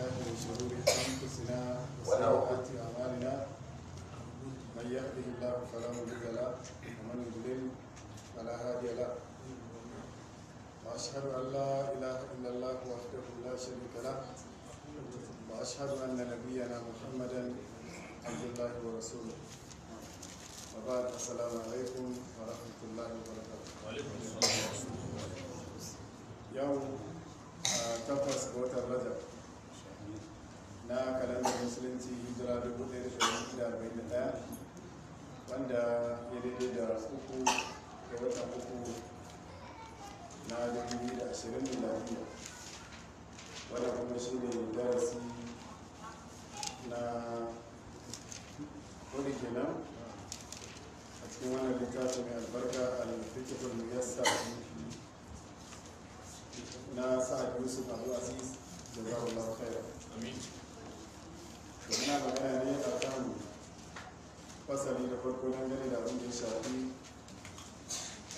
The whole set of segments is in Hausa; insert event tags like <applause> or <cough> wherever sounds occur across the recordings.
الله شرور أنفسنا وسيئات أعمالنا من يهده الله فلا مضل له ومن يضلل فلا هادي له وأشهد أن لا إله إلا الله وحده لا شريك له وأشهد أن نبينا محمدا عبد الله ورسوله وبعد السلام عليكم ورحمة الله وبركاته وعليكم السلام ورحمة الله يوم آه، تفرس قوت رجب na kalandar musulunci hijira ɗaya wanda ya daidai da uku da wata uku na 2020 miladiya wadda kuma shi ne darasi na kodi kenan a cikin wannan littafin mai albarka al-fikifin yasa na sa'ad yusuf abu a da zaɓar lafiya muna magana ne a kan fasari da farko don gani da abin da ya shafi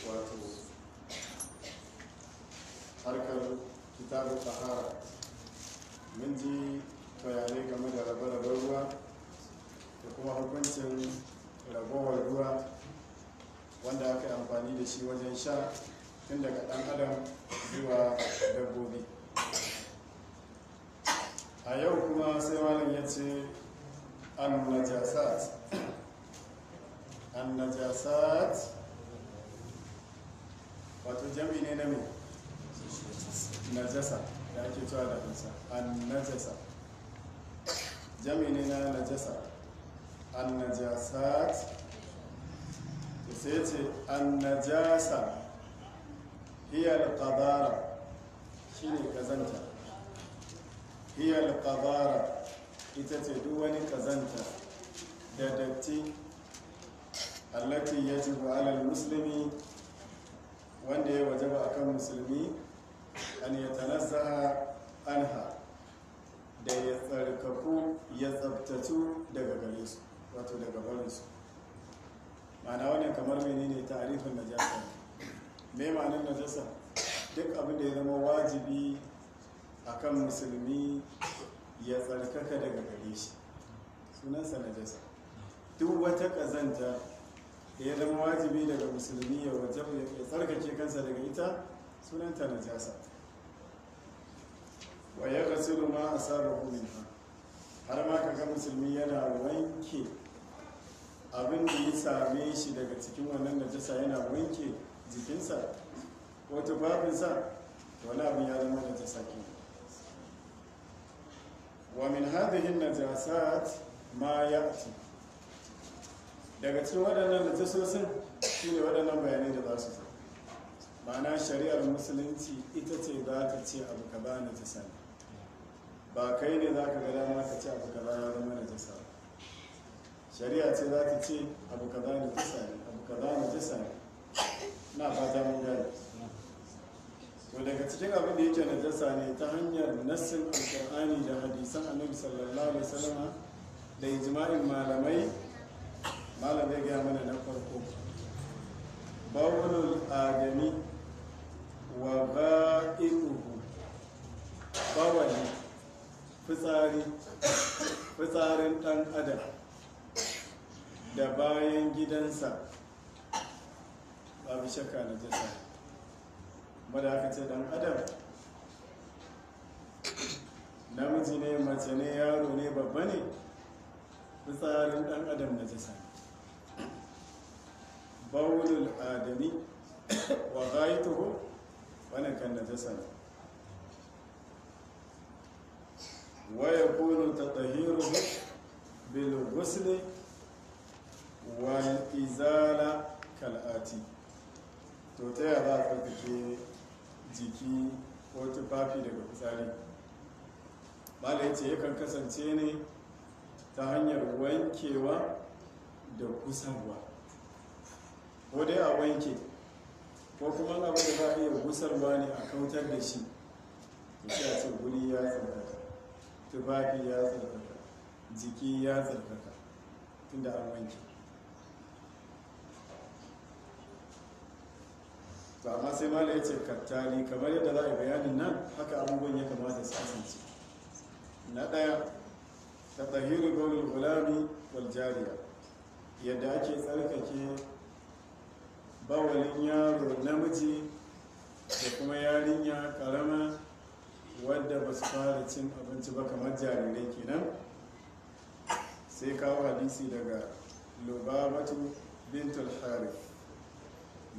wato harkar kitabu tahara min ji bayanai game da rabe-raben ruwa da kuma hukuncin rabuwar ruwa wanda aka yi amfani da shi wajen sha tun daga ɗan adam zuwa dabbobi a yau kuma sai wani ya ce an najasat an najasat wato jami ne na mai najasa da ake cewa da kansa an najasa jami ne na najasa an najasat sai ce an najasa da kadara shi ne kazanta hiyar ƙazara ita ce duk wani ƙazanta da datti allati ya ji alal musulmi wanda ya wajaba kan musulmi an ya tanazzaha anha da ya tsarkaku ya tsabtatu daga gare su wato daga barinsu ma'ana wani kamar menene tarifin najasa me ma'anin najasa duk abin da ya zama wajibi akan musulmi ya tsarkaka daga gare shi sunansa jasa. duk wata ƙazanta da ya zama wajibi daga musulmi ya wajab ya tsarkake kansa daga ita sunanta jasa. wa ya rasulu ma a saba minha har ma kaga musulmi yana wanke abin da ya same shi daga cikin wannan najasa yana wanke jikinsa ko tufafinsa wani abin ya zama najasa kenan ومن هذه النجاسات ما يأتي daga cikin waɗannan najasosin shine waɗannan bayanai da za su zo ma'ana shari'ar musulunci ita ce za ta ce abu ba najasa ne ba kai ne za ka ga dama ka ce abu ba ya zama najasa shari'a ce za ta ce abu kaza najasa ne abu kaza najasa ne na ba mun gane daga cikin abin da yake najasa ne ta hanyar nassin alkur'ani da hadisan annabi sallallahu alaihi wasallam da ijma'in malamai malamai ga mana na farko bawulul adami wa ba'iruhu bawali fitsari fitsarin dan adam da bayan gidansa babu shakka najasa ne madakacin dan adam namiji ne mace ne yaro ne babba ne fitsarin dan adam na jisa bawulul adami wa gaituhu wani kan na jisa ne bil gusle بالغسل izala kal'ati to ta yaba za a tsarkake jiki ko tufafi daga fitsari mala ce yakan kasance ne ta hanyar wankewa da gusarwa ko dai a wanke ko kuma abu da za a iya gusarwa ne a kautar da shi da shi a ce guri ya tsarkaka tufafi ya tsarkaka jiki ya tsarkaka tunda an wanke to amma sai mala ya ce kattali kamar yadda za a yi bayanin nan haka abubuwan ya kamata su kasance na ɗaya ta tsahiru gaunin gulami waljariya yadda ake tsarkake bawalin yaro namiji da kuma yarinya karama wadda ba su fara cin abinci ba kamar jarirai kenan sai kawo hadisi daga lubabatu bintul harif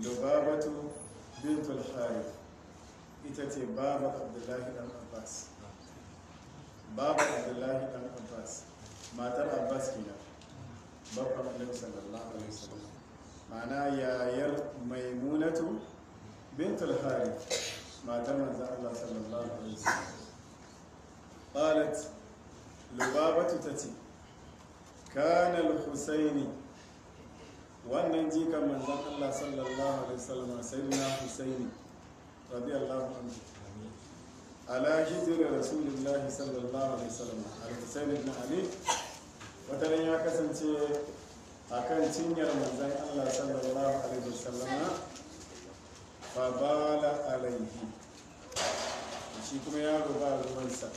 lubabatu bintul harith ita ce Baba abdullahi dan abbas Baba abdullahi dan abbas matar abbas kenan babban annabi sallallahu alaihi wasallam ma'ana yayar maimunatu bintul harith matar manzon Allah sallallahu alaihi wasallam qalat lubabatu ta ce. Kanal husaini wannan jikan manzan Allah sallallahu alaihi wasallam sayyidina Husaini radiyallahu anhu ala hijri rasulillahi sallallahu alaihi wasallam al-Husain na Ali wata ya kasance a kan cinyar manzan Allah sallallahu alaihi wasallam babala bala alaihi shi kuma ya ruba ruwansa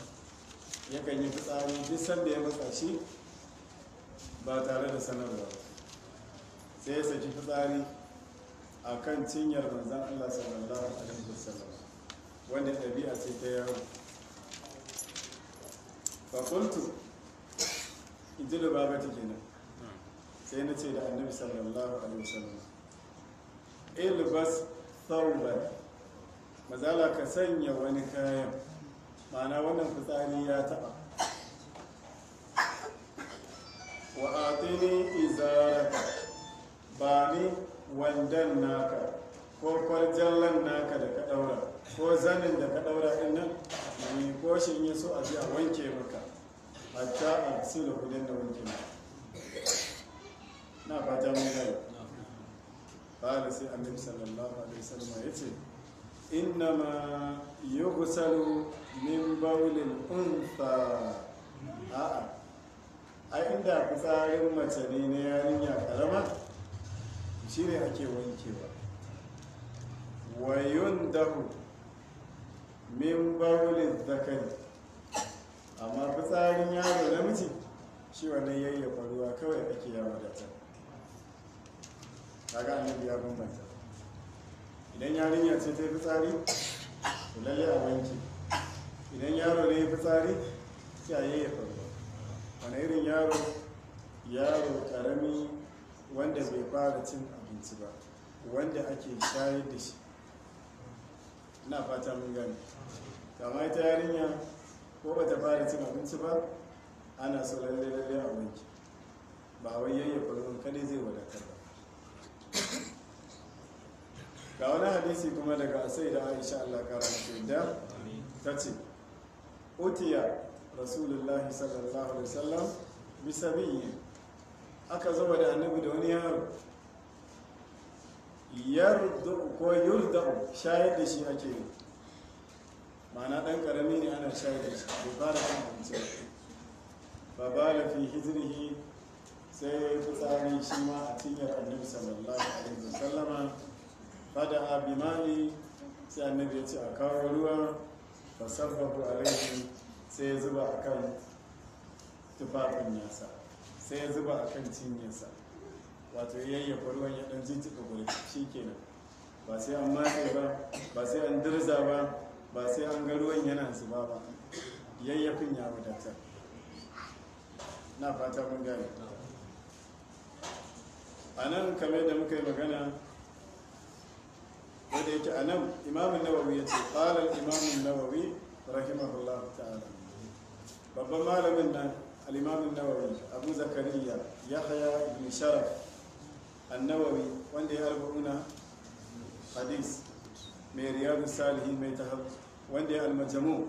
yakan yi fitsari duk sanda ya matsa shi ba tare da sanarwa ba sai ya saki fitsari a kan cinyar manzan Allah sallallahu alaihi wasallam wanda ɗabi'a ce ta yaro fakultu in ji lubabata kenan sai na ce da annabi sallallahu alaihi wasallam ilbas thawban mazala ka sanya wani kayan ma'ana wannan fitsari ya taɓa wa atini izaraka ba ni wandan naka ko kwarjallan naka da ka daura ko zanin da ka daura ɗin nan mai koshin ya so a ji a wanke maka hatta a su da kudin da wanke na na fata mun ba da sai annabi sallallahu alaihi wasallam ya ce innama yughsalu min bawlil unfa a'a a inda fitsarin mace ne na yarinya karama shi ne ake wankewa wayon dahu min baulin zakari amma fitsarin yaro namiji shi wannan yayya faruwa kawai ake yawa da ta kaga annabi ya bambanta idan yarinya ce ta yi fitsari to lalle a wanke idan yaro ne ya fitsari ya a yayyafa ruwa wani irin yaro yaro karami wanda bai fara cin abinci ba wanda ake shayar da shi na fata mun gani kama ita yarinya ko ba ta fara cin abinci ba ana so lalle lalle a wanki ba wai yayya ruwan kadai zai wadatar ba ga wani hadisi kuma daga asai da aisha Allah kara mata da ta ce utiya rasulullahi sallallahu alaihi wasallam bisabiyin aka zama da annabi da wani yaro yardu ko yurdu shayar da shi ake yi ma'ana ɗan ƙarami ne ana shayar da shi bai fara kan ba ba da fi hijirhi sai ya shi ma a cinyar annabi sallallahu alaihi Ba fada abimani sai annabi ya ce a kawo ruwa fasabbabu alaihi sai ya zuba a kan tufafin yasa sai ya zuba a kan cinyarsa wato yayyafa ruwan ya dan jijjiga shi kenan ba sai an matse ba ba sai an dirza ba ba sai an ga ruwan yana zuba ba yayyafin ya wadata na fata mun gane a nan kamar da muka yi magana wadda yake a nan imamun nawawi ya ce ƙalar imamun nawawi rahimahullah ta'ala babban malamin nan al'imamun nawawi abu zakariya ya haya ibn sharaf annawawi wanda ya arba'una hadis mai riyadu salihi mai tahab wanda ya almajamu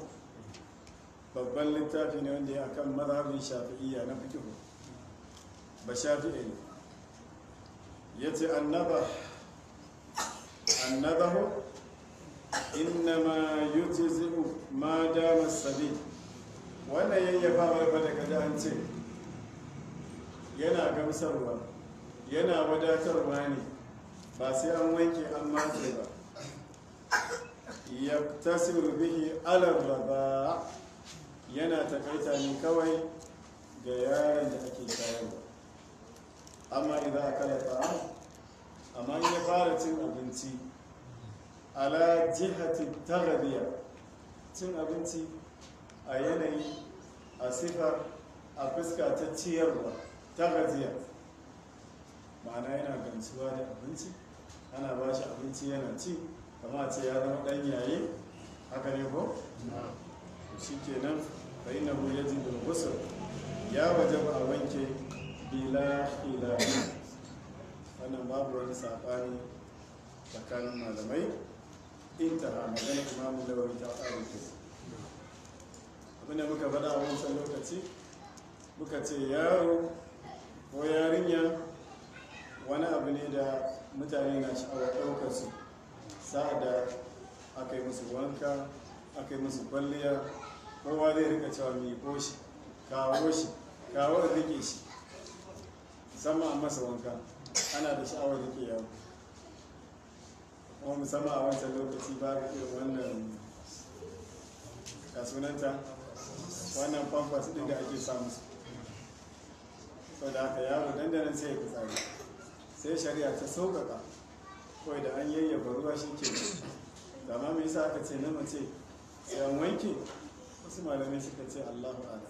babban littafi ne wanda ya akan mazhabin shafi'iyya na fikihu ba shafi'i ne ya ce annaba annabahu innama yujzi'u ma dama sabi wannan yayyafa barba daga da yana gamsarwa yana wadatarwa ne ba sai an wanke an matse ba ya tasiru bihi alarraba yana takaita ne kawai ga yaron da ake shayarwa amma idan aka lafa amma ya fara cin abinci ala jihati tagabiya cin abinci a yanayi a sifa a fuska ta ciyarwa tagaziya ma'ana yana gamsuwa da abinci ana ba shi abinci yana ci kama ce ya zama ɗan yaye haka ne ko? shi kenan nan ina na buye da gusul ya waje ba a wanke bila ila wannan babu wani saɓani tsakanin malamai inta a magana imamu lawari ta tsarin ke abinda muka faɗa a wancan lokaci muka ce yaro ko yarinya wani abu ne da mutane na sha'awar ɗaukar su sa'ad da aka yi musu wanka aka yi musu kwalliya kowa zai rika cewa miko shi kawo shi kawo rike shi musamman a masa wanka ana da sha'awar rike yawo kuma musamman a wancan lokaci ba ga irin wannan kasunanta wannan famfas ɗin da ake samu sau da haka yaro dandanan sai ya tsari sai shari'a ta sauƙaƙa kawai da an yayyafa ruwa shi ke da ma me yasa aka ce na mace sai an wanke wasu malamai suka ce allahu ala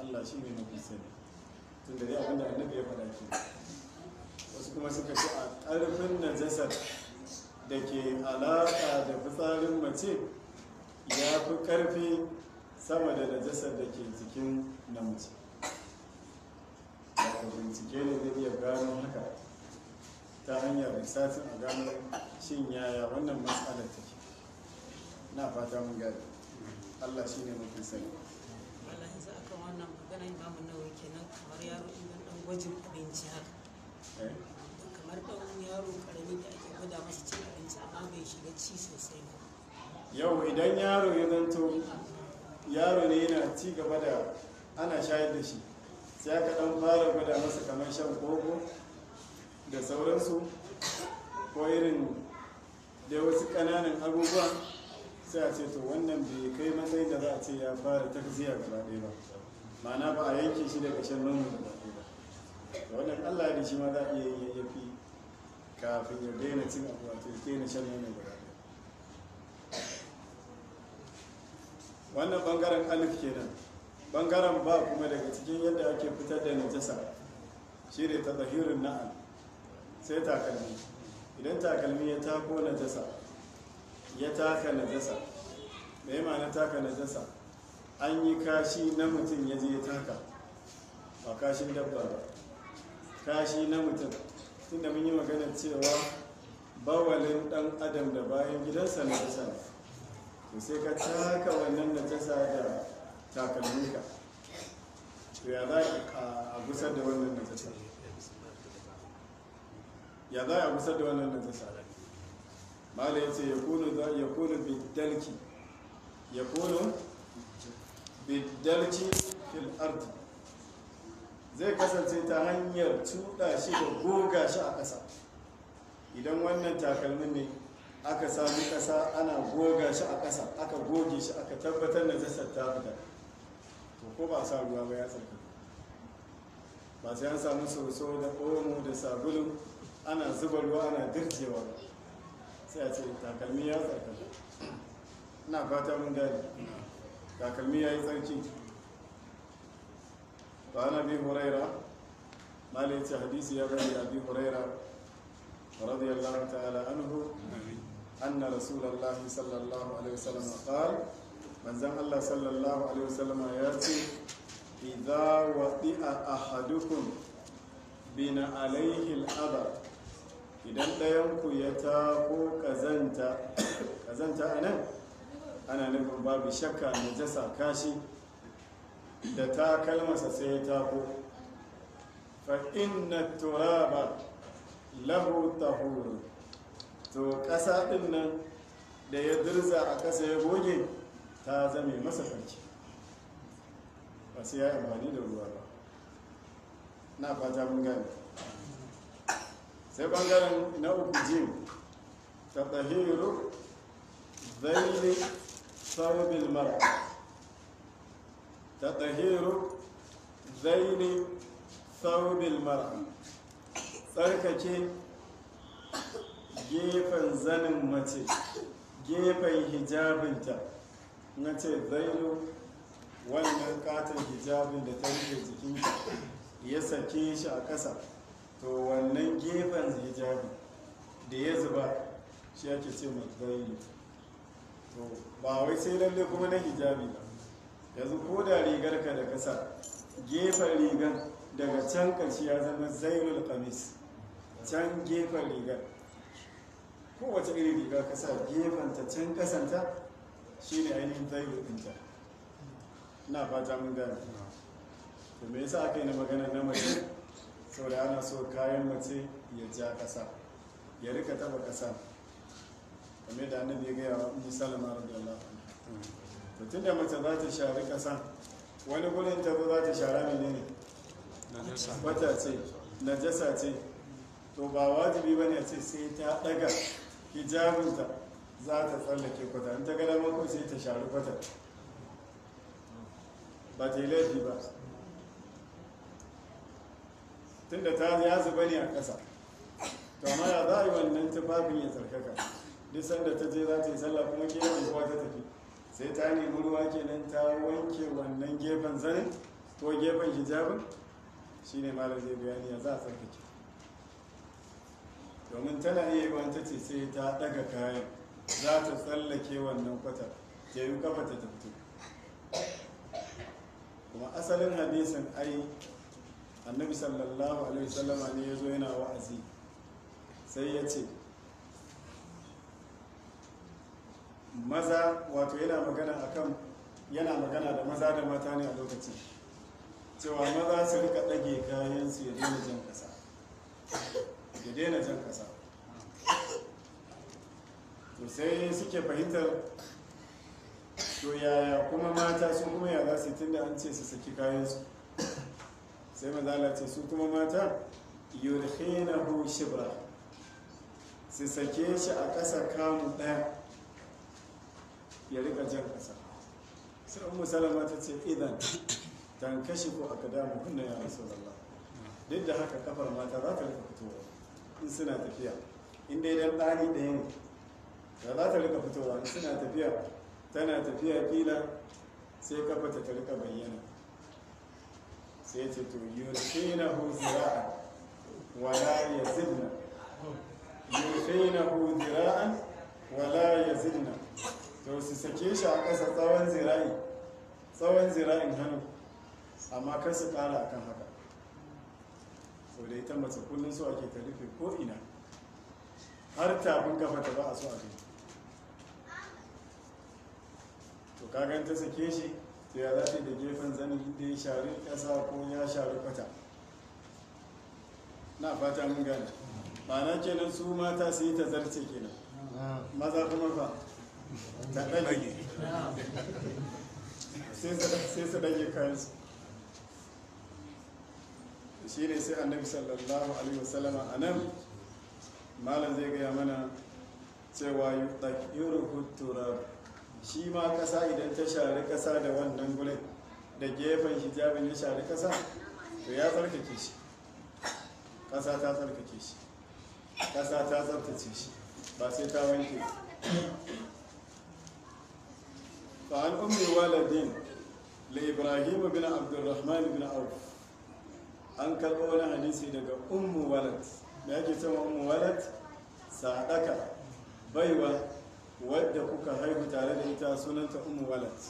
allah shi ne mafi sani tun da dai abin da annabi ya faɗa ke wasu kuma suka ce a ƙarfin najasar da ke alaƙa da fitsarin mace ya fi ƙarfi sama da najasar da ke jikin mace. da bincike ne zai iya gano haka ta hanyar risasi a gano shin yaya wannan matsalar take na fata mun gari allah shi ne mafi sani wallahi za ka wannan maganar imamu nawa kenan kamar yaro idan dan gwajin abinci haka eh? kamar dan yaro karami da ake gwada masa cin abinci amma bai shiga ci sosai ba yau idan yaro ya zanto yaro ne yana ci gaba da ana shayar da shi sai aka dan fara gwada masa kamar shan koko da sauransu ko irin da wasu kananan abubuwa sai a ce to wannan bai kai matsayin da za a ce ya fara ziya gaba ɗaya ba ma'ana ba a yanke shi daga shan nomin gaba ɗaya ba wannan allah da shi ma za a iya fi kafin ya daina cin abu wato ya daina shan nomin gaba ɗaya wannan bangaren alif kenan bangaren ba kuma daga cikin yadda ake fitar da najasa shi ne ta zahirin na'am sai takalmi idan takalmi ya tako jasa ya taka jasa mai ma'ana taka na jasa an yi kashi na mutum ya je taka ba kashin dabba ba kashi na mutum tunda mun yi magana cewa bawalin dan adam da bayan gidansa najasa ne to sai ka taka wannan na jasa da takalmi ka to ya za a gusar da wannan na najasa ya za a gusar da wannan najasa mala ya ce ya kunu biddalki ya kunu biddalki fil ardi zai kasance ta hanyar tuɗa shi da goga shi a ƙasa idan wannan takalmin ne aka sami ƙasa ana goga shi a ƙasa aka goge shi aka tabbatar da jasar ta fita to ko ba sa ruwa ba ya tsarki ba sai an samu soso da omo da sabulu ana zuba ruwa ana dirjewa sai a ce takalmi ya tsarkaka ina fata mun gani takalmi ya yi tsarki ba ana bi huraira malai ce hadisi ya bari abi huraira radiyallahu ta'ala anhu anna rasulallah sallallahu alaihi wasallam qal manzon Allah sallallahu alaihi wasallam ya ce idza wadi'a ahadukum bina alaihi al-adab idan ɗayanku ya ta ko ƙazanta ƙazanta a nan ana nufin babu shakka najasa kashi da ta kalmasa sai ya tako fa'in na turaba lahu tahuru to ƙasa ɗin nan da ya dirza a ƙasa ya goge ta zame masa farki ba sai ya amfani da ruwa ba na fata mun gane sai bangaren na uku jim ta tahiru zaini saubil mara ta tahiru zaili saubil mara tsarkake gefen zanin mace gefen hijabinta na ce zailu wannan katon hijabin da ta rike jikinta ya sake shi a ƙasa to wannan gefen hijabi da ya zuba shi ake ce matsayi to ba wai sai lalle kuma na hijabi ba yanzu ko da rigar ka da kasa gefen rigar daga can ƙarshe ya zama zainul kamis can gefen rigar kowace irin riga kasa gefenta can kasanta shi ne ainihin zainul ɗinta na fata mun gane to me yasa aka yi na magana na mace saboda ana so kayan mace ya ja kasa ya rika taba kasa kamar da annabi ya gaya wa ummu salama radiyallahu to tunda mace za ta share kasa wani gurin ta za ta share ne wata ce najasa ce to ba wajibi ba ne ce sai ta daga hijabinta za ta tsallake kwata in ta gada mako sai ta share kwata ba ta yi laifi ba tunda ta ya zuba ne a ƙasa to amma ya za a yi wannan tufafin ya tsarkaka duk sanda ta je za ta yi sallah kuma ke gefen kowa ta tafi sai ta nemi ruwa kenan ta wanke wannan gefen zanen ko gefen hijabin shi ne malar zai bayani ya za a tsarkake domin tana iya yi wanta ce sai ta daga kayan za ta tsallake wannan kwata ta yi kafa ta tafi kuma asalin hadisin ai annabi sallallahu alaihi sallama ne ya zo yana wa'azi sai ya ce maza wato yana magana akan yana magana da maza da mata ne a lokaci cewa maza su rika ɗage kayansu ya daina jan ƙasa ya daina jan ƙasa to sai suke fahimtar to yaya kuma mata su kuma ya za su tunda an ce su saki kayansu sai mazala ce su kuma mata yurkhinahu shibra su sake shi a ƙasa kamun ɗaya ya rika jan ƙasa sai ummu salama ta ce idan tan tankashi ko a kadamu kunna ya rasulullah duk da haka kafar mata za ta rika fitowa in suna tafiya in dai dan ɗaya ne da za ta rika fitowa in suna tafiya tana tafiya kila sai kafa ta rika bayyana sai ce to yurfina hu zira'an wala yazidna yurfina hu zira'an wala zina. to su sake shi a ƙasa tsawon zira'i tsawon zira'in hannu amma kar su ƙara akan haka sau da ita mace kullum su ake ta rufe ko ina har tafin kafa ta ba a so a to kaganta sake shi to ya za da gefen zanen da ya shari ƙasa ko ya shari kwata na fata mun gane ce kenan su mata su yi ta zarce kenan maza kuma fa ta ɗage sai su ɗage su. shi ne sai annabi sallallahu alaihi wasallama a nan malam zai gaya mana cewa yuruhu turab shi ma kasa idan ta shari kasa da wannan gurin da gefen hijabin ya shari kasa to ya tsarkake shi kasa ta tsarkake shi kasa ta tsarkace shi ba sai ta wanke Ba an umri waladin la ibrahim bin abdurrahman bin auf an karɓo wani hadisi daga ummu walad da yake cewa ummu walad sadaka baiwa wadda kuka haihu tare da ita sunanta umu walat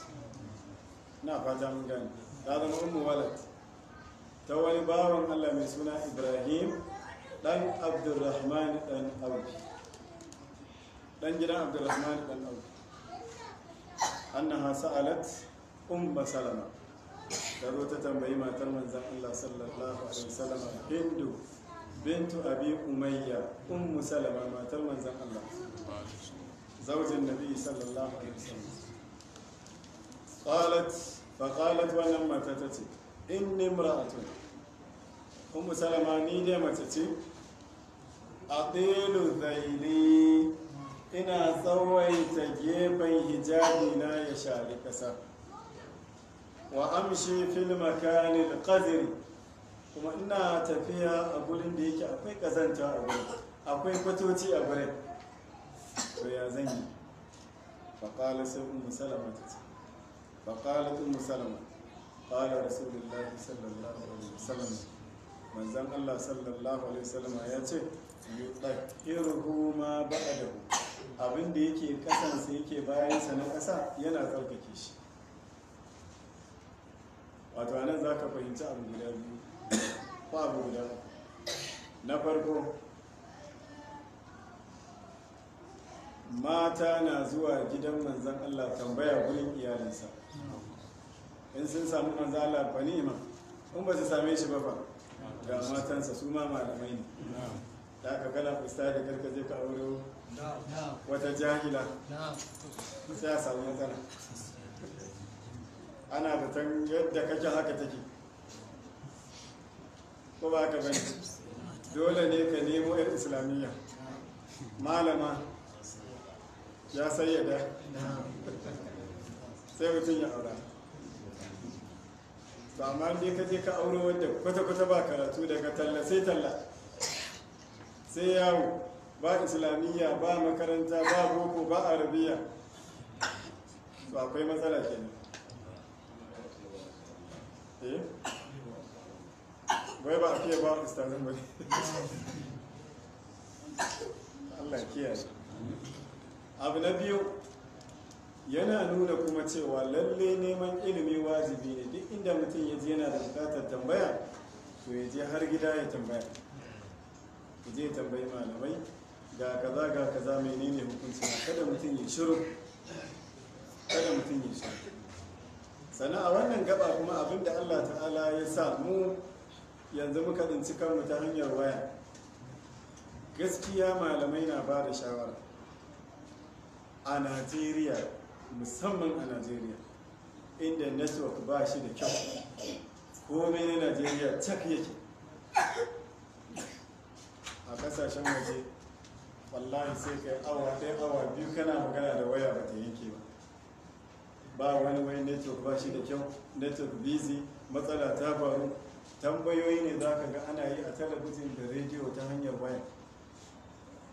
na fata mun gani ta zama umu walat ta wani bawan allah mai suna ibrahim dan abdurrahman dan auki dan gidan abdurrahman dan auki annaha sa'alat umma salama ta zo ta tambayi matar manzan allah sallallahu alaihi wasallam hindu bintu abi umayya ummu salama matar manzan allah زوج النبي صلى الله عليه وسلم قالت فقالت ولما تتتي إني امرأة أم سلمة نيدي متتي أطيل ذيلي إنا سويت جيبا هجابنا يشارك سر وأمشي في المكان القذر kuma ina tafiya a gurin da yake akwai kazanta a gurin akwai kwatoci a gurin to ya zan yi faƙala sai umu salama ta ce faƙala umu salama ƙala rasulullahi sallallahu alaihi wasallam manzan allah sallallahu alaihi wasallama ya ce yi ɗaƙirhu ma ba'adahu abin da yake ƙasansa yake bayan sa na ƙasa yana tsarkake shi wato anan za ka fahimci abu guda biyu ko abu guda na farko mata na zuwa gidan manzan Allah tambaya gurin iyalinsa in sun samu manzan Allah fa ma in ba su same shi ba ba ga matansa su ma malamai ne da aka gana fusta da karka ka aure wata jahila sai a samu matsala ana batan yadda kake haka take ko ba ka bane dole ne ka nemo 'yan islamiyya malama ya sayyada sai mutum ya aura ba ma dai ka je ka aure wadda kwata-kwata ba karatu daga talla sai talla sai yawo ba islamiyya ba makaranta ba boko ba arabiya to akwai matsala kenan eh wai ba a fiye ba ustazin ba <laughs> Allah kiyaye abu na biyu yana nuna kuma cewa lalle neman ilimi wajibi ne duk inda mutum ya je yana da bukatar tambaya to ya je har gida ya tambaya ya je tambayi malamai ga kaza ga kaza menene hukunci kada mutum ya shiru kada mutum ya shiru sannan a wannan gaba kuma abinda Allah ta'ala ya sa mu yanzu muka tsinci kanmu ta hanyar waya gaskiya malamai na ba da shawara a najeriya musamman a najeriya inda network ba shi da kyau komai na najeriya cak yake a kasashen waje wallahi sai kai awa ɗaya awa biyu kana magana da waya ba ta yanke ba ba wani wani network ba shi da kyau network busy matsala ta faru tambayoyi ne za ka ga ana yi a talabijin da rediyo ta hanyar waya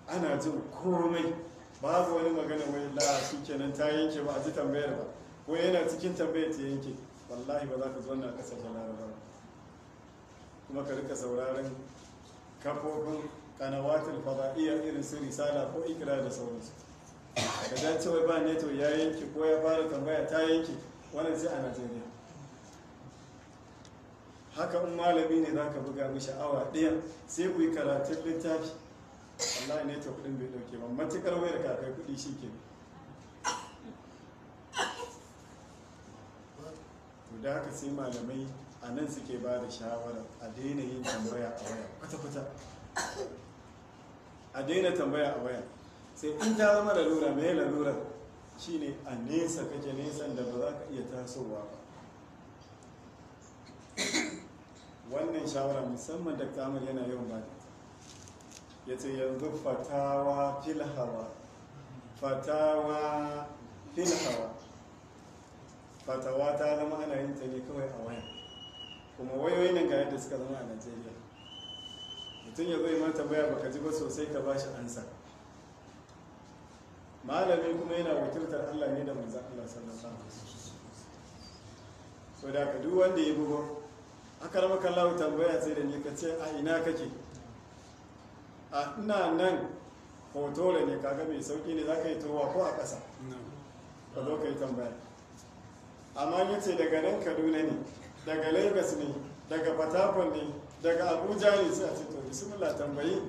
ana jin komai babu wani magana wai la shi kenan ta yanke ba a ji tambayar ba ko yana cikin tambayar ta yanke wallahi ba za ka zo na kasar da laraba kuma ka rika sauraron kafofin kanawatul fada'iyya irin su risala ko ikira da sauransu ka ga cewa ba neto ya yanke ko ya fara tambaya ta yanke wannan sai a najeriya haka in malami ne za ka buga mu sha'awa ɗaya sai ku yi karatun littafi wallahi ne to kudin bai dauke ba matukar wayar ka kai kudi shike to da haka sai malamai a nan suke ba da shawara a daina yin tambaya a waya kwata-kwata a daina tambaya a waya sai in ta zama lalura me lalura shine a nesa kake nesan da ba za ka iya tasowa ba wannan shawara musamman da kamar yana yawan ba ya ce yanzu fatawa filhawa fatawa filhawa fatawa ta zama ana yin ta ne kawai a waya kuma wayoyi nan ga da suka zama a najeriya mutum ya zai mata baya baka ji ba sosai ka ba shi ansa malami kuma yana wakiltar allah ne da manzan allah sallallahu alaihi so da ka duk wanda ya bugo aka rama kallahu tambaya sai da ni ka ce a ina kake a ina nan hoto da ne kaga mai sauki ne za ka yi towa ko a ƙasa ka zo ka yi tambaya amma ya ce daga nan kaduna ne daga lagos ne daga fatakon ne daga abuja ne sai a ce to bismillah tambayi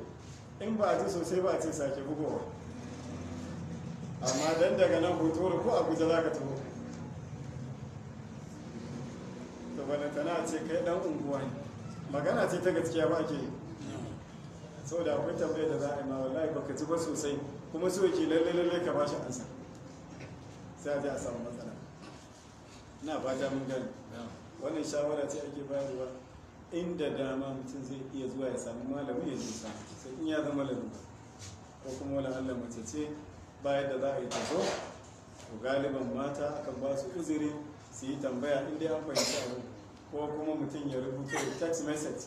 in ba a ji sosai ba a ce sake bugowa amma dan daga nan hoto ko abuja za ka taho to tana ce kai dan unguwa ne magana ce ta gaskiya ba ke yi saboda akwai tambayar da za a yi ma wallahi baka ji ba sosai kuma so yake lalle lalle ka bashi ansa sai a je a samu matsala na fata mun gani wannan shawara ce ake bayarwa inda dama mutum zai iya zuwa ya samu malami ya jisa sai in ya zama lalura ko kuma wala Allah mace ce bayar da za a yi zo? to galiban mata akan ba su uzuri su yi tambaya inda an fahimci abu ko kuma mutum ya rubuta text message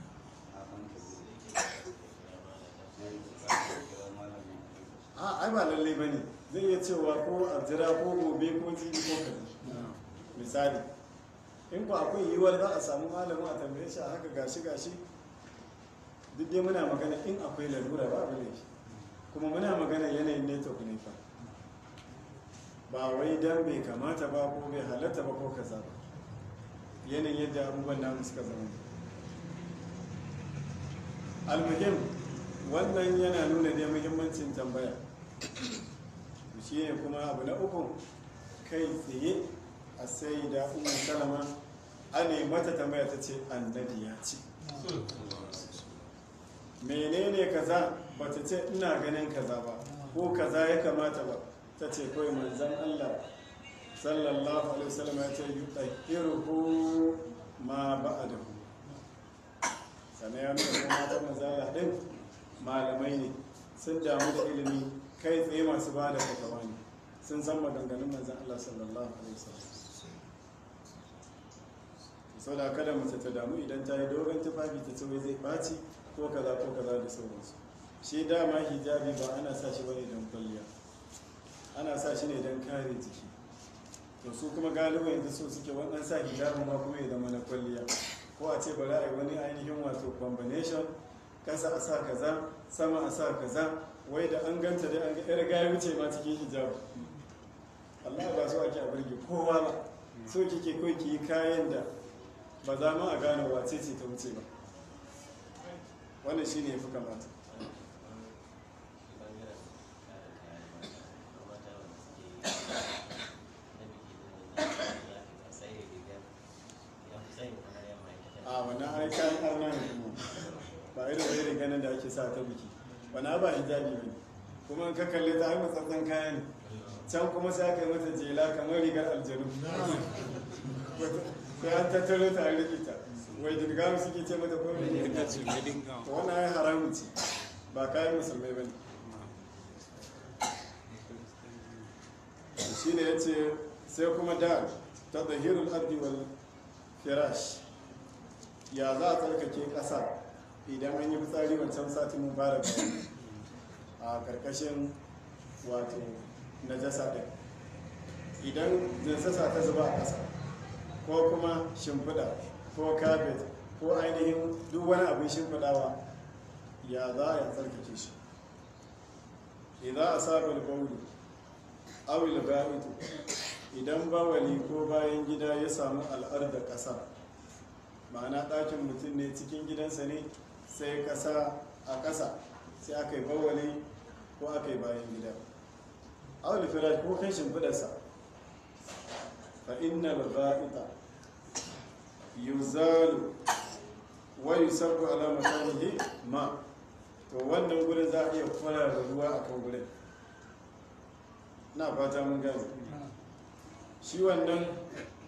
ba lallai ba ne zai iya cewa ko aljira ko gobe ko jibi ko kaji misali in ku akwai yiwuwar za a samu malamin a tambaye shi a haka gashi gashi duk dai muna magana in akwai lalura ba ne kuma muna magana yanayin network ne fa ba wai dan bai kamata ba ko bai halatta ba ko kaza ba yanayin yadda abubuwan namu suka zama almuhim wannan yana nuna dai muhimmancin tambaya shi ne kuma abu na uku kai tsaye a sai da umar salama a ne mata tambaya ta ce annabi ya ce menene kaza ba ta ce ina ganin kaza ba ko kaza ya kamata ba ta ce kawai manzan allah sallallahu alaihi wasallam ya ce yi ko ma a da ku sannan ya nuna kuma ta mazala ɗin malamai ne sun damu da ilimi kai tsaye masu ba da fatawa ne sun san maganganun manzan Allah sallallahu alaihi wasallam sau da kada mace ta damu idan ta yi dogon tufafi ta tsawai zai ɓaci ko kaza ko kaza da sauransu shi dama hijabi ba ana sa shi wani don kwalliya ana sa shi ne don kare jiki to su kuma galiba yanzu so suke wannan sa hijabi ma kuma ya zama na kwalliya ko a ce bari a yi wani ainihin wato combination kasa a sa kaza sama a sa kaza wai da an ganta dai an ga ya wuce ma cikin hijabu Allah ba so ake a burge kowa ba so kike kawai ki kayan da ba za ma a gane wace ce ta wuce ba wannan shine yafi kamata mana ba hijabi ne kuma in ka kalle ta haimu tsatsan kaya ne can kuma sai aka yi mata jela kamar rigar aljanu sai an tattaro ta an rike ta wai su suke ce mata kuma wannan ya haramu ce ba kayan musulmai ba ne shi ne ya ce sai kuma da ta zahirul abdiwal firash ya za a tsarkake ƙasa idan an yi fitsari wancan satin mubarak a karkashin wato najasa din idan najasa ta zuba a ƙasa ko kuma shimfiɗa ko kafet ko ainihin duk wani abin shimfiɗawa ya za a tsarkake shi idan a sabon bauli awil ba'itu idan bawali ko bayan gida ya samu al'ar da ƙasa ma'ana ɗakin mutum ne cikin gidansa ne sai ƙasa a ƙasa sai aka yi bawali ko aka yi bayan gida awul firaj ko kan shimfidarsa fa innal ra'ita yuzalu wa yusarru ala makanihi ma to wannan gurin za a iya da ruwa a kan gurin na fata mun gani shi wannan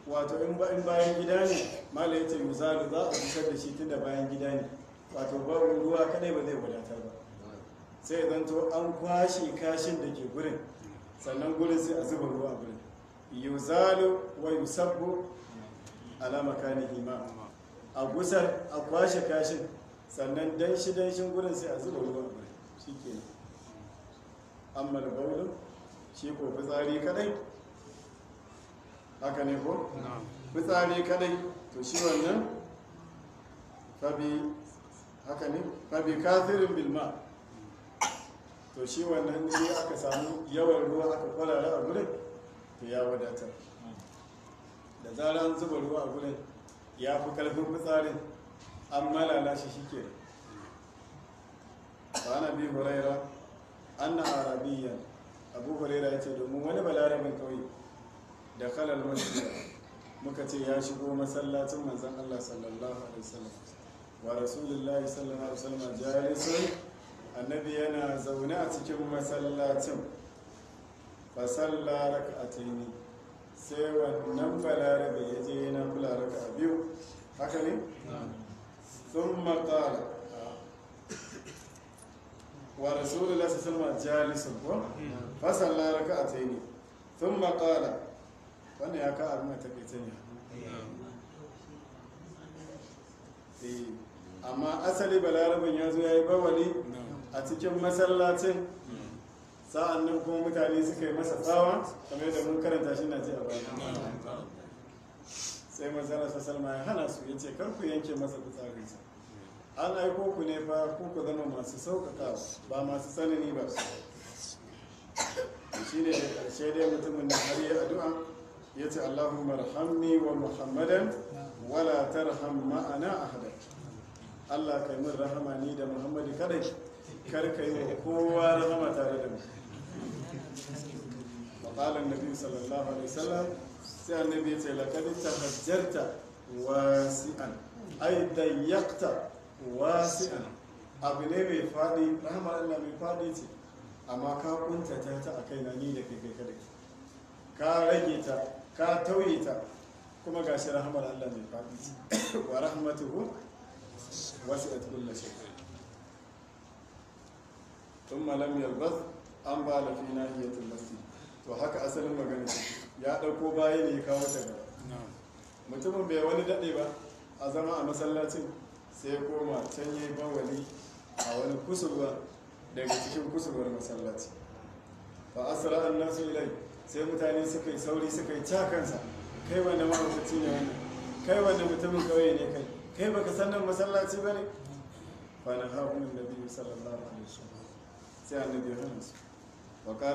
wato in bayan gida ne mala yace yuzalu za a fitar da shi tun da bayan gida ne wato babu ruwa kadai ba zai wadatar ba sai zanto an kwashe kashin da ke gurin sannan gurin sai a zuba ruwa a gurin zalo wa sabbo alamaka ne ma a gusar a kwashe kashin sannan danshi danshin gurin sai a zuba ruwa a gurin shikenan amma da baulu shi ko fitsari kadai haka ne ko fitsari kadai to shi wannan fabi haka ne fabi kathirin bilma to shi wannan ne aka samu yawan ruwa aka kwarara a gurin to ya wadatar da zaran zuba ruwa a gurin ya fi karfin fitsarin an malala shi shike ba na bi huraira an na arabiya abu huraira ya ce domin wani balarabin kawai da kalar masjid muka ce ya shigo masallacin manzan Allah sallallahu alaihi wasallam wa rasulullahi sallallahu alaihi wasallam sai annabi yana zaune a cikin masallacin a raka'ataini sai wannan balarabe ya je yana kula a biyu haka ne sun makara wa rasulullah su majali jalisun ko a raka'ataini sun makara wannan ya ka abin a ne eh, amma asali balarabin ya zo ya yi bawali a cikin masallacin sa'an nan kuma mutane suka yi masa tsawa kamar yadda mun karanta shi na ji a baya sai manzara sa salma ya hana su ya ce kar yanke masa fitsarinsa an aiko ku ne fa ku ku zama masu sauƙaƙa ba masu tsanani ba shi ne da ƙarshe dai mutumin da har yi addu'a ya ce allahumma rahamni wa muhammadan wala tarham ma'ana ahada allah kai min rahama ni da muhammadu kadai kar ka yi wa kowa rahama tare da mu وقال النبي صلى الله عليه وسلم سي النبي لقد abu ne mai faɗi rahamar Allah mai faɗi ce amma ka kuntata ta a na ni da kai kai kada ka rage ta ka tauye ta kuma gashi rahamar Allah mai faɗi ce wa rahmatuhu wasi'at kullu sun malam yalbas an ba da fi nahiyatul masjid to haka asalin magana ya ɗauko baya ne ya kawo ta gaba mutumin bai wani daɗe ba a zama a masallacin sai koma can ya yi bawali a wani kusurwa daga cikin kusurwar masallaci ba a an nasu ilai sai mutane suka yi sauri suka yi cakansa kai wanda mahaukaci ne wani kai wanda mutumin kawai ne kai kai baka sannan masallaci ba ne fa na haɗu da biyu sallallahu alaihi wasallam sai annabi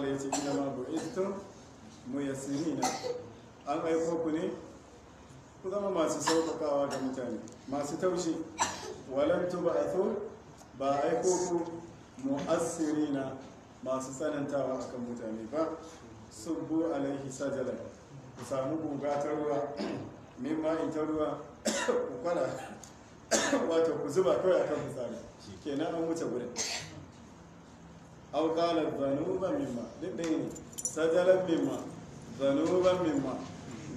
ya ce gina ma bu ito mu ya sini na an aiko ku ne ku zama masu sauƙaƙawa ga mutane masu taushi walan tub'athu ba aiko ku mu na masu tsanantawa akan mutane ba subbu alaihi sajala ku samu guga ta ruwa ma in ta ruwa ku kwana wato ku zuba kawai akan ke shikenan an wuce gudun aukala zanuban mimma duk ɗaya ne sajalar mimma zanuban mimma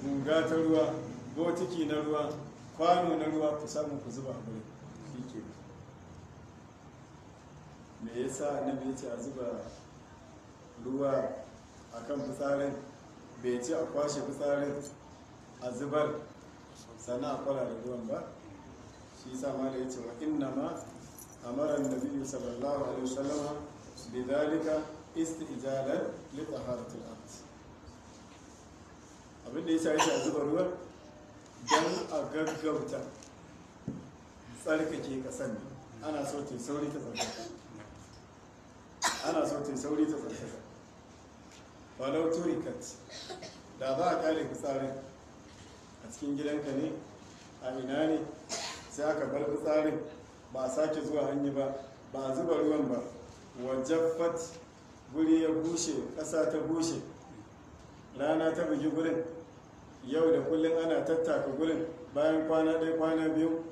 gunga ta ruwa botiki na ruwa kwano na ruwa ku samu ku zuba a gurin shike me sa na ya ce a zuba ruwa a kan fitsarin bai ce a kwashe fitsarin a zubar sana a kwara da ruwan ba shi sa ma da ya ce wa inna ma amaran nabiyyu sallallahu alaihi wasallama lidhalika istijalan li taharati al-ard abin da yasa yake zuba ruwa don a gaggauta tsarkake kasan ana so ta sauri ta tsarkaka ana so ta sauri ta tsarkaka falau turikat da za a kyale fitsarin a cikin gidanka ne a ina ne sai aka bar fitsarin ba a sake zuwa hanyi ba ba a zuba ruwan ba wa jaffat guri ya bushe ƙasa ta bushe rana ta bugi gurin yau da kullum ana tattaka gurin bayan kwana ɗaya kwana biyu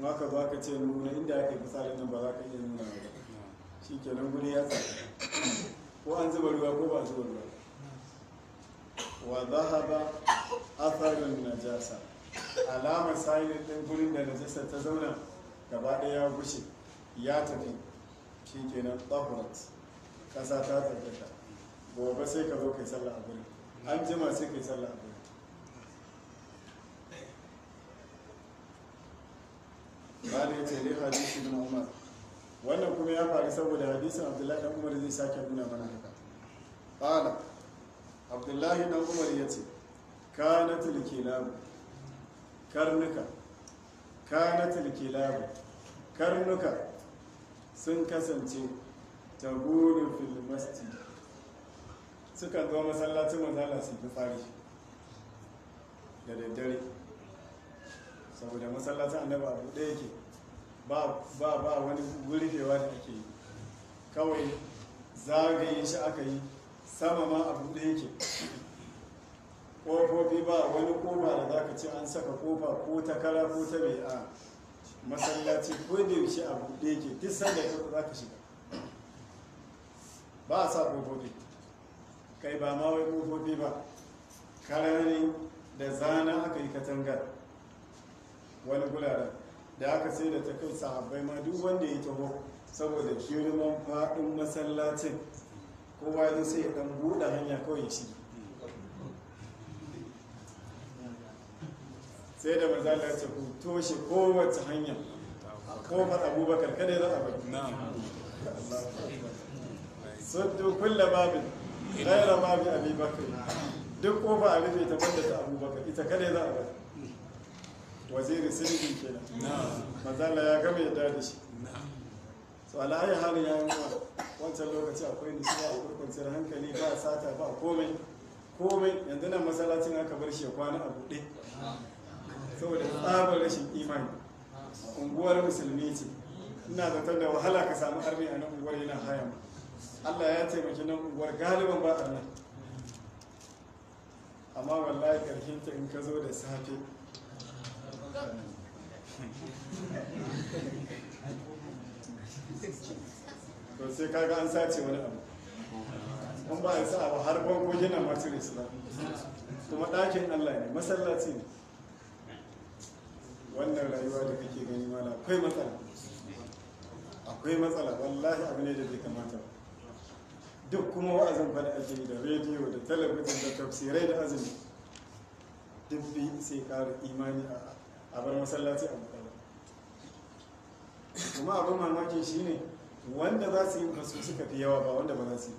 maka zo ka ce nuna inda aka yi fitsarin nan ba za ka iya nuna ba shi kenan guri ya tsaka ko an zuba ruwa ko ba zuba ruwa wa zahaba na najasa alamar sayin ɗin gurin da najasa ta zauna gaba ɗaya ya gushe ya tafi shi kenan tsahurat ƙasa ta tsarkaka gobe sai ka zo kai sallah a gurin an jima sai kai sallah a gurin ba da ya ce ne hadisi na umar wannan kuma ya faru saboda hadisin abdullahi dan umar zai sake nuna mana haka qala abdullahi dan umar ya ce kanatul labu karnuka kanatul labu karnuka sun kasance taguri filmasti suka zo masallacin mazala su fi tsari da daddare saboda masallacin annaba abu ɗaya ke, ba ba wani gurfewa da ake yi kawai zagaye shi aka yi sama ma abu ɗaya ke. ƙofofi ba wani ƙofa da za ka ce an saka ƙofa ko takara kara ko ta mai a masallaci ko da yaushe a buɗe yake duk sanda ka za ka shiga ba a sa ƙofofi kai ba ma wai ƙofofi ba kararri da zana aka yi katangar wani gularen da aka sai da ta kai sahabbai ma duk wanda ya taho saboda girman faɗin masallacin kowa ya sai ya ɗan buɗe hanya kawai shi sai da manzo Allah ya ce ku toshe kowace hanya kofar abubakar kada za a bari suddu kulla babin gaira babin abi bakar duk kofa a rufe ta banda ta abubakar ita kada za a bari waziri sirri kenan Allah ya gama yadda da shi so alayi hali ya yi wancan lokaci akwai nisuwa a kurkuncin hankali ba sata ba komai komai yanzu nan masallacin aka bar shi ya kwana a buɗe saboda tsabar rashin imani unguwar musulmi ce ina zaton da wahala ka samu arni a nan unguwar yana haya Allah ya taimaki nan unguwar galiban ba a nan amma wallahi karshen ta in ka zo da safe to sai kaga an sace wani abu an ba a sa abu har bango gina matar islam kuma ɗakin allah ne masallaci ne wannan rayuwa da kake gani mala akwai matsala akwai matsala wallahi abu ne da bai kamata duk kuma wa'azin fada ake da rediyo da talabijin da tafsirai da azumi duk bi sai ƙara imani a bar masallaci a mutane kuma abin mamakin shine wanda za su yi kasu suka fi yawa ba wanda ba za su yi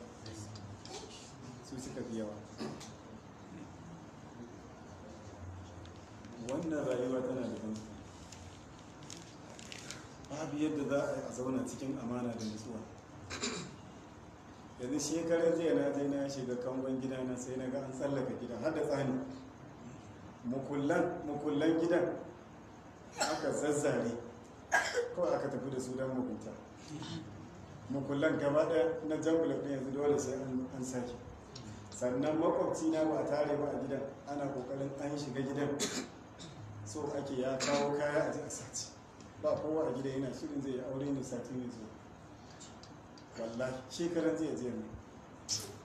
wannan rayuwa tana da gamsu babu yadda za a zauna cikin amana da nutsuwa yanzu shekarar jiya na je na shiga kangon gida na sai na ga an tsallaka gidan har da tsani mukullan gidan aka zazzare kawai aka tafi da su don mugunta mukullan gaba ɗaya na jambulan ɗin yanzu dole sai an sake sannan makwabci na ba tare ba a gidan ana kokarin an shiga gidan so ake ya kawo kaya a jin sati ba kowa a gida yana shirin zai aure ne sati ne zuwa wallahi shekaran zai zai ne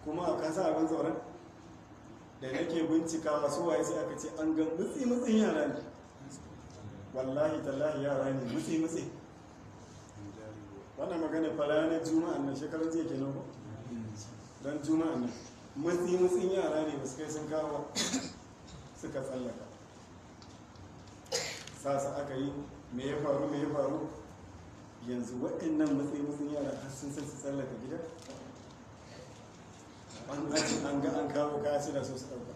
kuma a kasa abin tsoron da nake bincika masu waye sai aka ce an ga mutsi mutsin yara ne wallahi tallahi yara ne mutsi mutsi wannan magana fara na juma'a na shekaran zai kenan ko don juma'a na mutsi mutsin yara ne ba su kai sun kawo suka tsallaka sasa aka yi me ya faru me ya faru yanzu waɗannan matsayi matsayin yara har sun san su tsallaka gida an ci an ga an kawo kaya suna so su ɗauka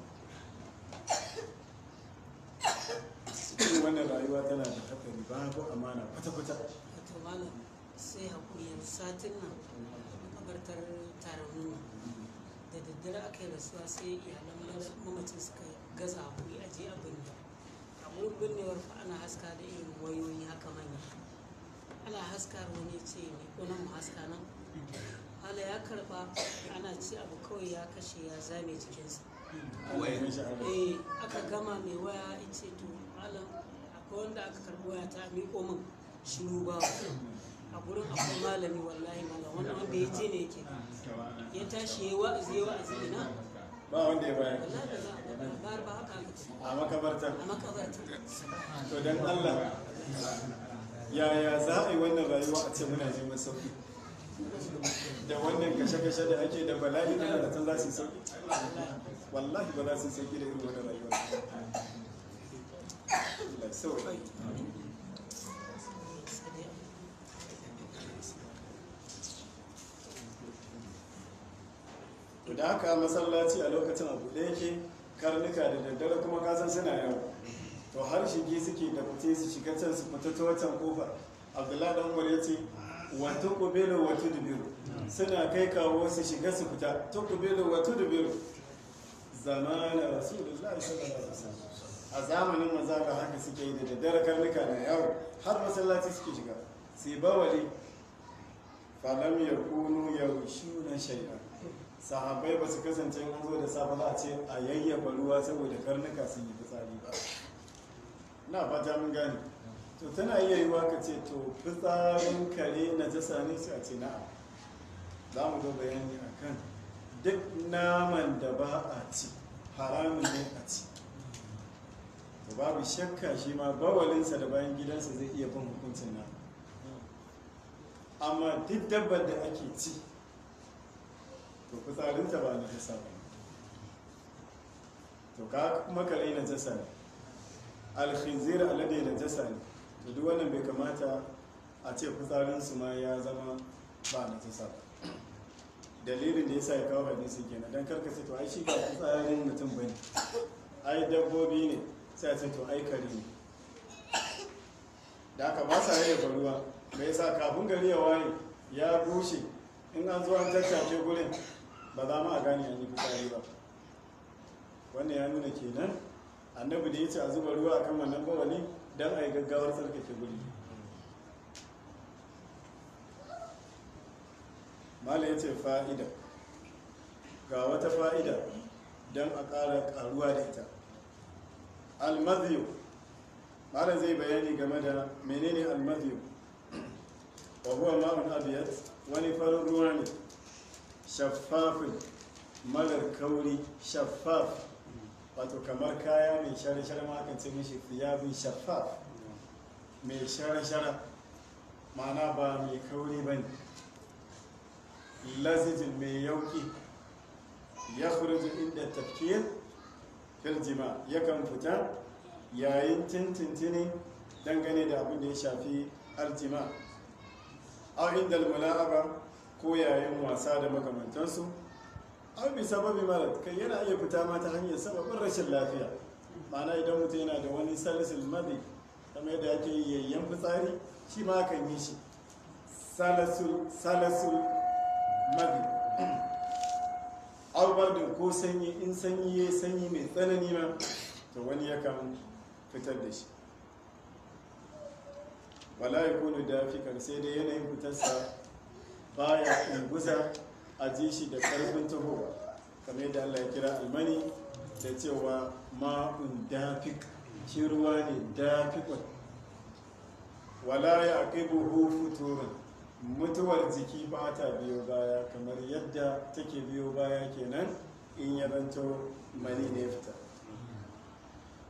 cikin wannan rayuwa tana da haɗari ba ko amana kwata-kwata to malam sai hakuri yanzu satin nan makabartar taron da daddare aka yi rasuwa sai iyalan mamacin suka gaza haƙuri a je abin da wurin birnewar fa ana haska da irin wayoyi haka manya ana haska wani ce mai kunan mu haska nan ya karba ana abu kawai ya kashe ya zame jikinsa eh, aka gama mai waya ice to akwai wanda aka karbi waya ta miko min shiru ba a gurin akwai malami wallahi malam wannan wanda ya je ne yake ya tashi ya wa'azi ya wa'azi ina ba wanda ya bayar a makabarta to don allah yaya za a yi wannan rayuwa a ce muna neman sauki da wannan kashe-kashe da ake da bala'i da zaton za su yi sauki wallahi ba za su yi sauki da irin wannan rayuwa da haka masallaci a lokacin abu da yake karnuka da daddare kuma kasan suna yawo to har shige suke da fice su shiga can su fita ta wancan kofar abdullahi dan umar ya ce wato kubelo wato dubiru suna kai kawo su shiga su fita to kubelo wato dubiru zamanin rasulullahi sallallahu alaihi wasallam a zamanin manzaka haka suke yi da daddare karnuka na yawo har masallaci suke shiga sai bawali falam yakunu yawshuna shay'an sahabbai ba su kasance an zo da safe za a ce a yayyafa ruwa saboda karnuka sun yi fitsari ba na fata mun gane to tana iya yiwa ka ce to fitsarin kare na jasa ne su a ce na'a za mu zo bayani a kan duk naman da ba a ci haramun ne a ci to babu shakka shi ma bawalinsa da bayan gidansa zai iya bin hukuncin na amma duk dabbar da ake ci to fitsarinta ba na jasa ba to ka kuma kare na jasa ne alkhizir alade na jasa ne to duk wannan bai kamata a ce fitsarinsu ma ya zama ba na jasa ba dalilin da ya sa ya kawo su gina don karka ce to ai shi ka fitsarin mutum ba ne ai dabbobi ne sai a ce to ai kare ne da aka ba sa yaya ruwa mai sa kafin gari ya waye ya bushe in an zo an tattace gurin ba za mu a gane an yi fitari ba wannan ya nuna kenan annabi da ya ce a zuba ruwa kan wannan bawali don a yi gaggawar tsarkake guri mala ya ce fa'ida ga wata fa'ida don a ƙara ƙaruwa da ita almaziyo mala zai bayani game da menene almaziyo wa huwa ma'un abiyat wani farin ruwa ne shaffafin marar kauri shaffaf wato kamar kaya mai shara-shara ma akan ce mishi fiyabin shaffaf mai shara-shara ma'ana ba mai kauri ba ne lazijin mai yauki ya kurji inda tafkiyar firjima yakan fita yayin tintintini dangane da abin da ya shafi arjima a inda mula'aba Koyayen wasa da makamantansu an bi sababi mara kai yana iya fita mata hanyar sababin rashin lafiya ma'ana idan mutum yana da wani salisil madi kama yadda ake yayyan fitsari shi ma kan yi shi salasul madi albardin ko sanyi in sanyi ya sanyi mai tsanani ma to wani ya kan fitar da shi wala ya kone da afikar sai dai yanayin fitarsa baya kunguza a ji shi da karfin taho kamar yadda Allah ya kira almani da cewa ma'un dafik shi ruwa ne dafikon wala ya aqibuhu futurun mutuwar jiki ba ta biyo baya kamar yadda take biyo baya kenan in ya zanto mani ne fita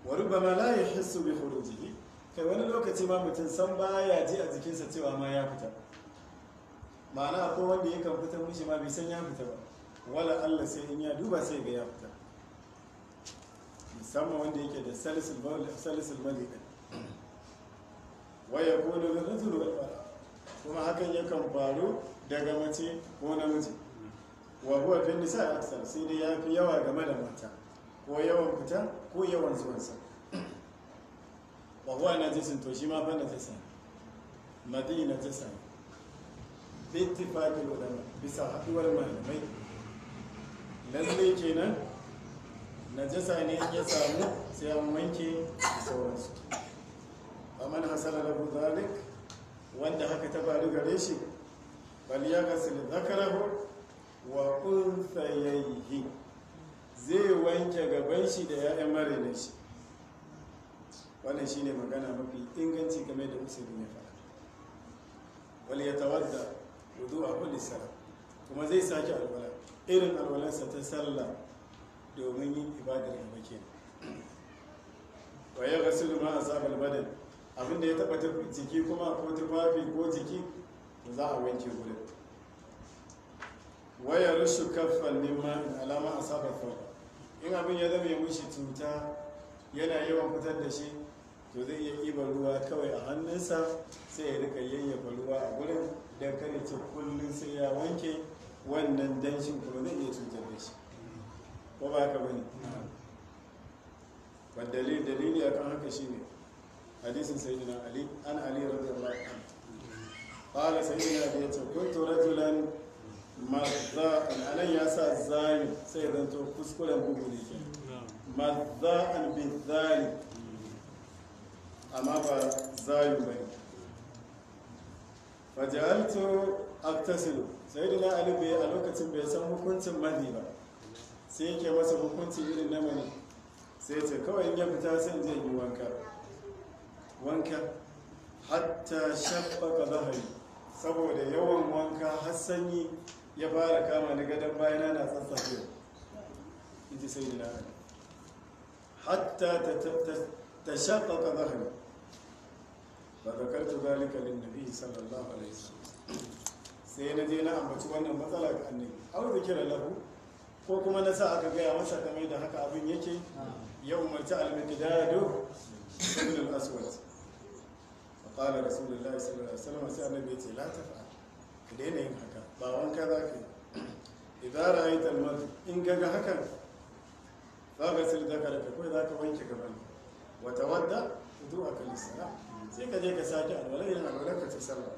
wa rubama la hissu bi jiki. kai wani lokaci ma mutum san baya ji a jikinsa cewa ma ya fita ma'ana akwai wanda ya kan fita mishi ma bai san ya fita ba wala Allah sai in ya duba sai ga ya fita musamman wanda yake da salisul bawl salisul malik wa yakunu rajulu wal kuma hakan ya kan faru daga mace ko namiji wa huwa fi nisa aksar sai dai ya fi yawa game da mata ko yawan fita ko yawan zuwansa wa huwa najisin to shi ma fa najisa madina najisa bittifaqil ulama bisa haduwar malamai lalle kenan najasa ne ya samu sai an wanke da sauransu faman hasala lahu zalik wanda haka ta faru gare shi bal ya gasil zakarahu wa unthayayhi zai wanke gaban shi da ya'yan mara shi wannan shine magana mafi inganci game da musulmi ya faɗa wal yatawadda wudu a kulli sala kuma zai sake alwala irin alwalarsa ta sallah domin yin ibadar gaba kenan wa ya rasul ma asab albadan abin da ya taba jiki kuma ko tufafi ko jiki za a wanke gurin wa ya rushu kaffan mimma alama asaba fa in abin ya zama ya mushi cuta yana yawan fitar da shi to zai iya ɗiban ruwa kawai a hannunsa sai ya rika yayyafa ruwa a gurin don kare ce kullum sai ya wanke wannan danshin kuma zai iya cutar da shi ko ba ka bane ba dalil dalili kan haka shine hadisin sayyidina ali an ali radiyallahu anhu qala sayyidina ali yace kuntu rajulan mazza an alan ya sa zani sai zanto kuskuren bugu ne ke mazza an bi zani. amma ba zayu ba ne fajaltu aktasilu sai da ali bai a lokacin bai san hukuncin mani ba sai yake masa hukunci irin na mani sai ce kawai in ya fita sai je yi wanka wanka hatta shabbaka zahari saboda yawan wanka har sanyi ya fara kama ni gadon bayana na tsatsafe in ji sai da ali hatta ta shabbaka zahari ba zakartu zalika lin nabi sallallahu alaihi wasallam sai na je na ambaci wannan matsala ga annabi aw zikira lahu ko kuma na sa aka gaya masa game da haka abin yake ya mace al-miqdadu ibn al-aswad fa qala rasulullahi sallallahu alaihi wasallam sai annabi ya ce la tafa'al ka daina yin haka ba wanka za ka yi idan ra'ayta al-mar in kaga hakan fa gasil zakaraka ko za ka wanke gaban wata wadda zuwa kalisa sai ka je ka sake alwala yin alwala ka ci sallah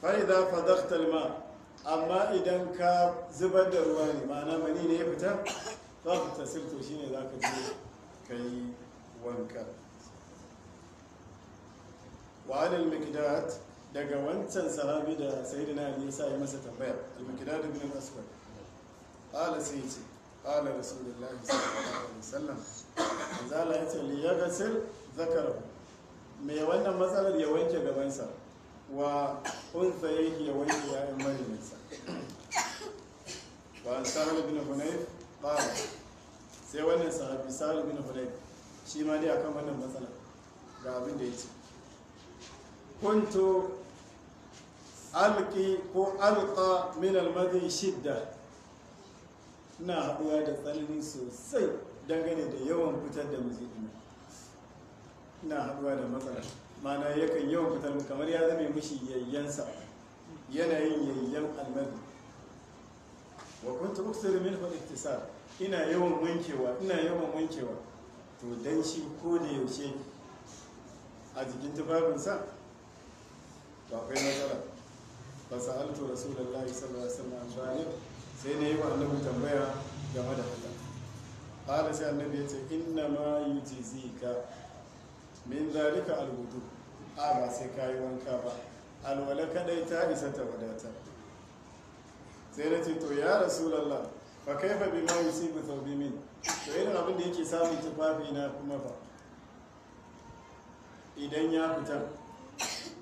fa'ida fa fadaktal ma amma idan ka zubar da ruwa ne ma'ana mani ne ya fita za ta tasirto shi ne za ka je ka yi wanka Wa al-mikdat daga wancan sahabi da sayyidina ali ya sa yi masa tambaya al-mikdat ibn al-aswad qala sai ce qala rasulullahi sallallahu alaihi wasallam zala yace li yaghsil zakarahu mai wannan matsalar ya wanke gabansa wa unsa yake ya wanke ya'yan marinsa ba sahal bin hunayf ba sai wannan sahabi sahal bin hunayf shi ma dai akan wannan matsalar ga abin da ya ce kuntu alki ko alka min almadhi shidda na haɗuwa da tsanani sosai dangane da yawan fitar da mijina ina haɗuwa da matsala mana yakan yawan fitar kamar ya zame mishi yayyansa yanayin yayyan almadi wa kuntu uksir min ihtisar ina yawan wankewa ina yawan wankewa to dan shi ko da yaushe a jikin sa to akwai matsala fa sa'altu rasulullahi sallallahu alaihi wasallam sai na yi wa annabi tambaya game da haka qala sai annabi ya ce inna ma yujizika min zalika alwudu a ba sai kayi wanka ba alwala kadai ta isa ta wadata. sai na ce to ya rasulallah fa kaifa bima yusibu thawbi min to irin abin da yake samun tufafi na kuma ba idan ya fita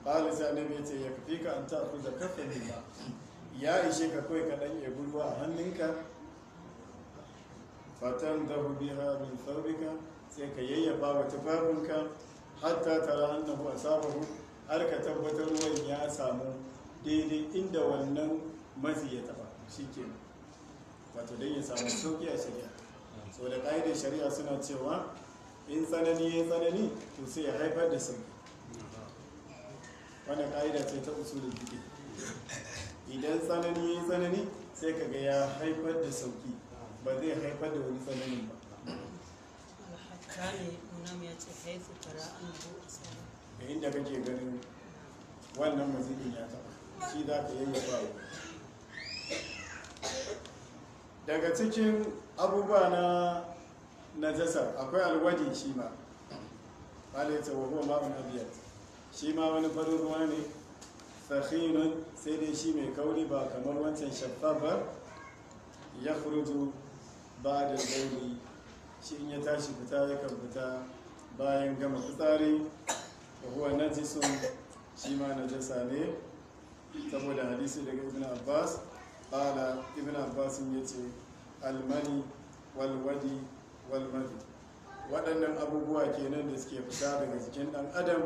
qala sai annabi ya ce ya kafi ka an ta kuza kafa ba ya ishe ka kawai ka dan ya gurwa a hannunka fatan dahu biha min thawbika sai ka yayyafa wa tufafinka hatta tara annahu asabahu har ka tabbatar ruwan ya samu daidai inda wannan mazi ya taba shike wato dan ya samu sauki a shari'a so da ƙa'idar shari'a suna cewa in tsanani ya tsanani to sai ya haifar da sauki wannan ƙa'ida ce ta usulul fiqh idan tsanani ya tsanani sai kaga ya haifar da sauki ba zai haifar da wani tsananin ba da inda kake ganin wannan mazibin ya taɓa shi za ka ba. daga cikin abubuwa na najasa akwai alwadi shi ma halitta wa huwa ma'un abiyat shi ma wani farin ruwa ne sahinun sai dai shi mai kauri ba kamar wancan shaffa ba ya furutu ba da zauri shi in ya tashi fita kan fita bayan gama fitsari da huwa najisun shi ma najasa ne saboda hadisi daga ibn abbas qala ibn abbas ya ce almani walwadi walmadi waɗannan abubuwa kenan da suke fita daga jikin ɗan adam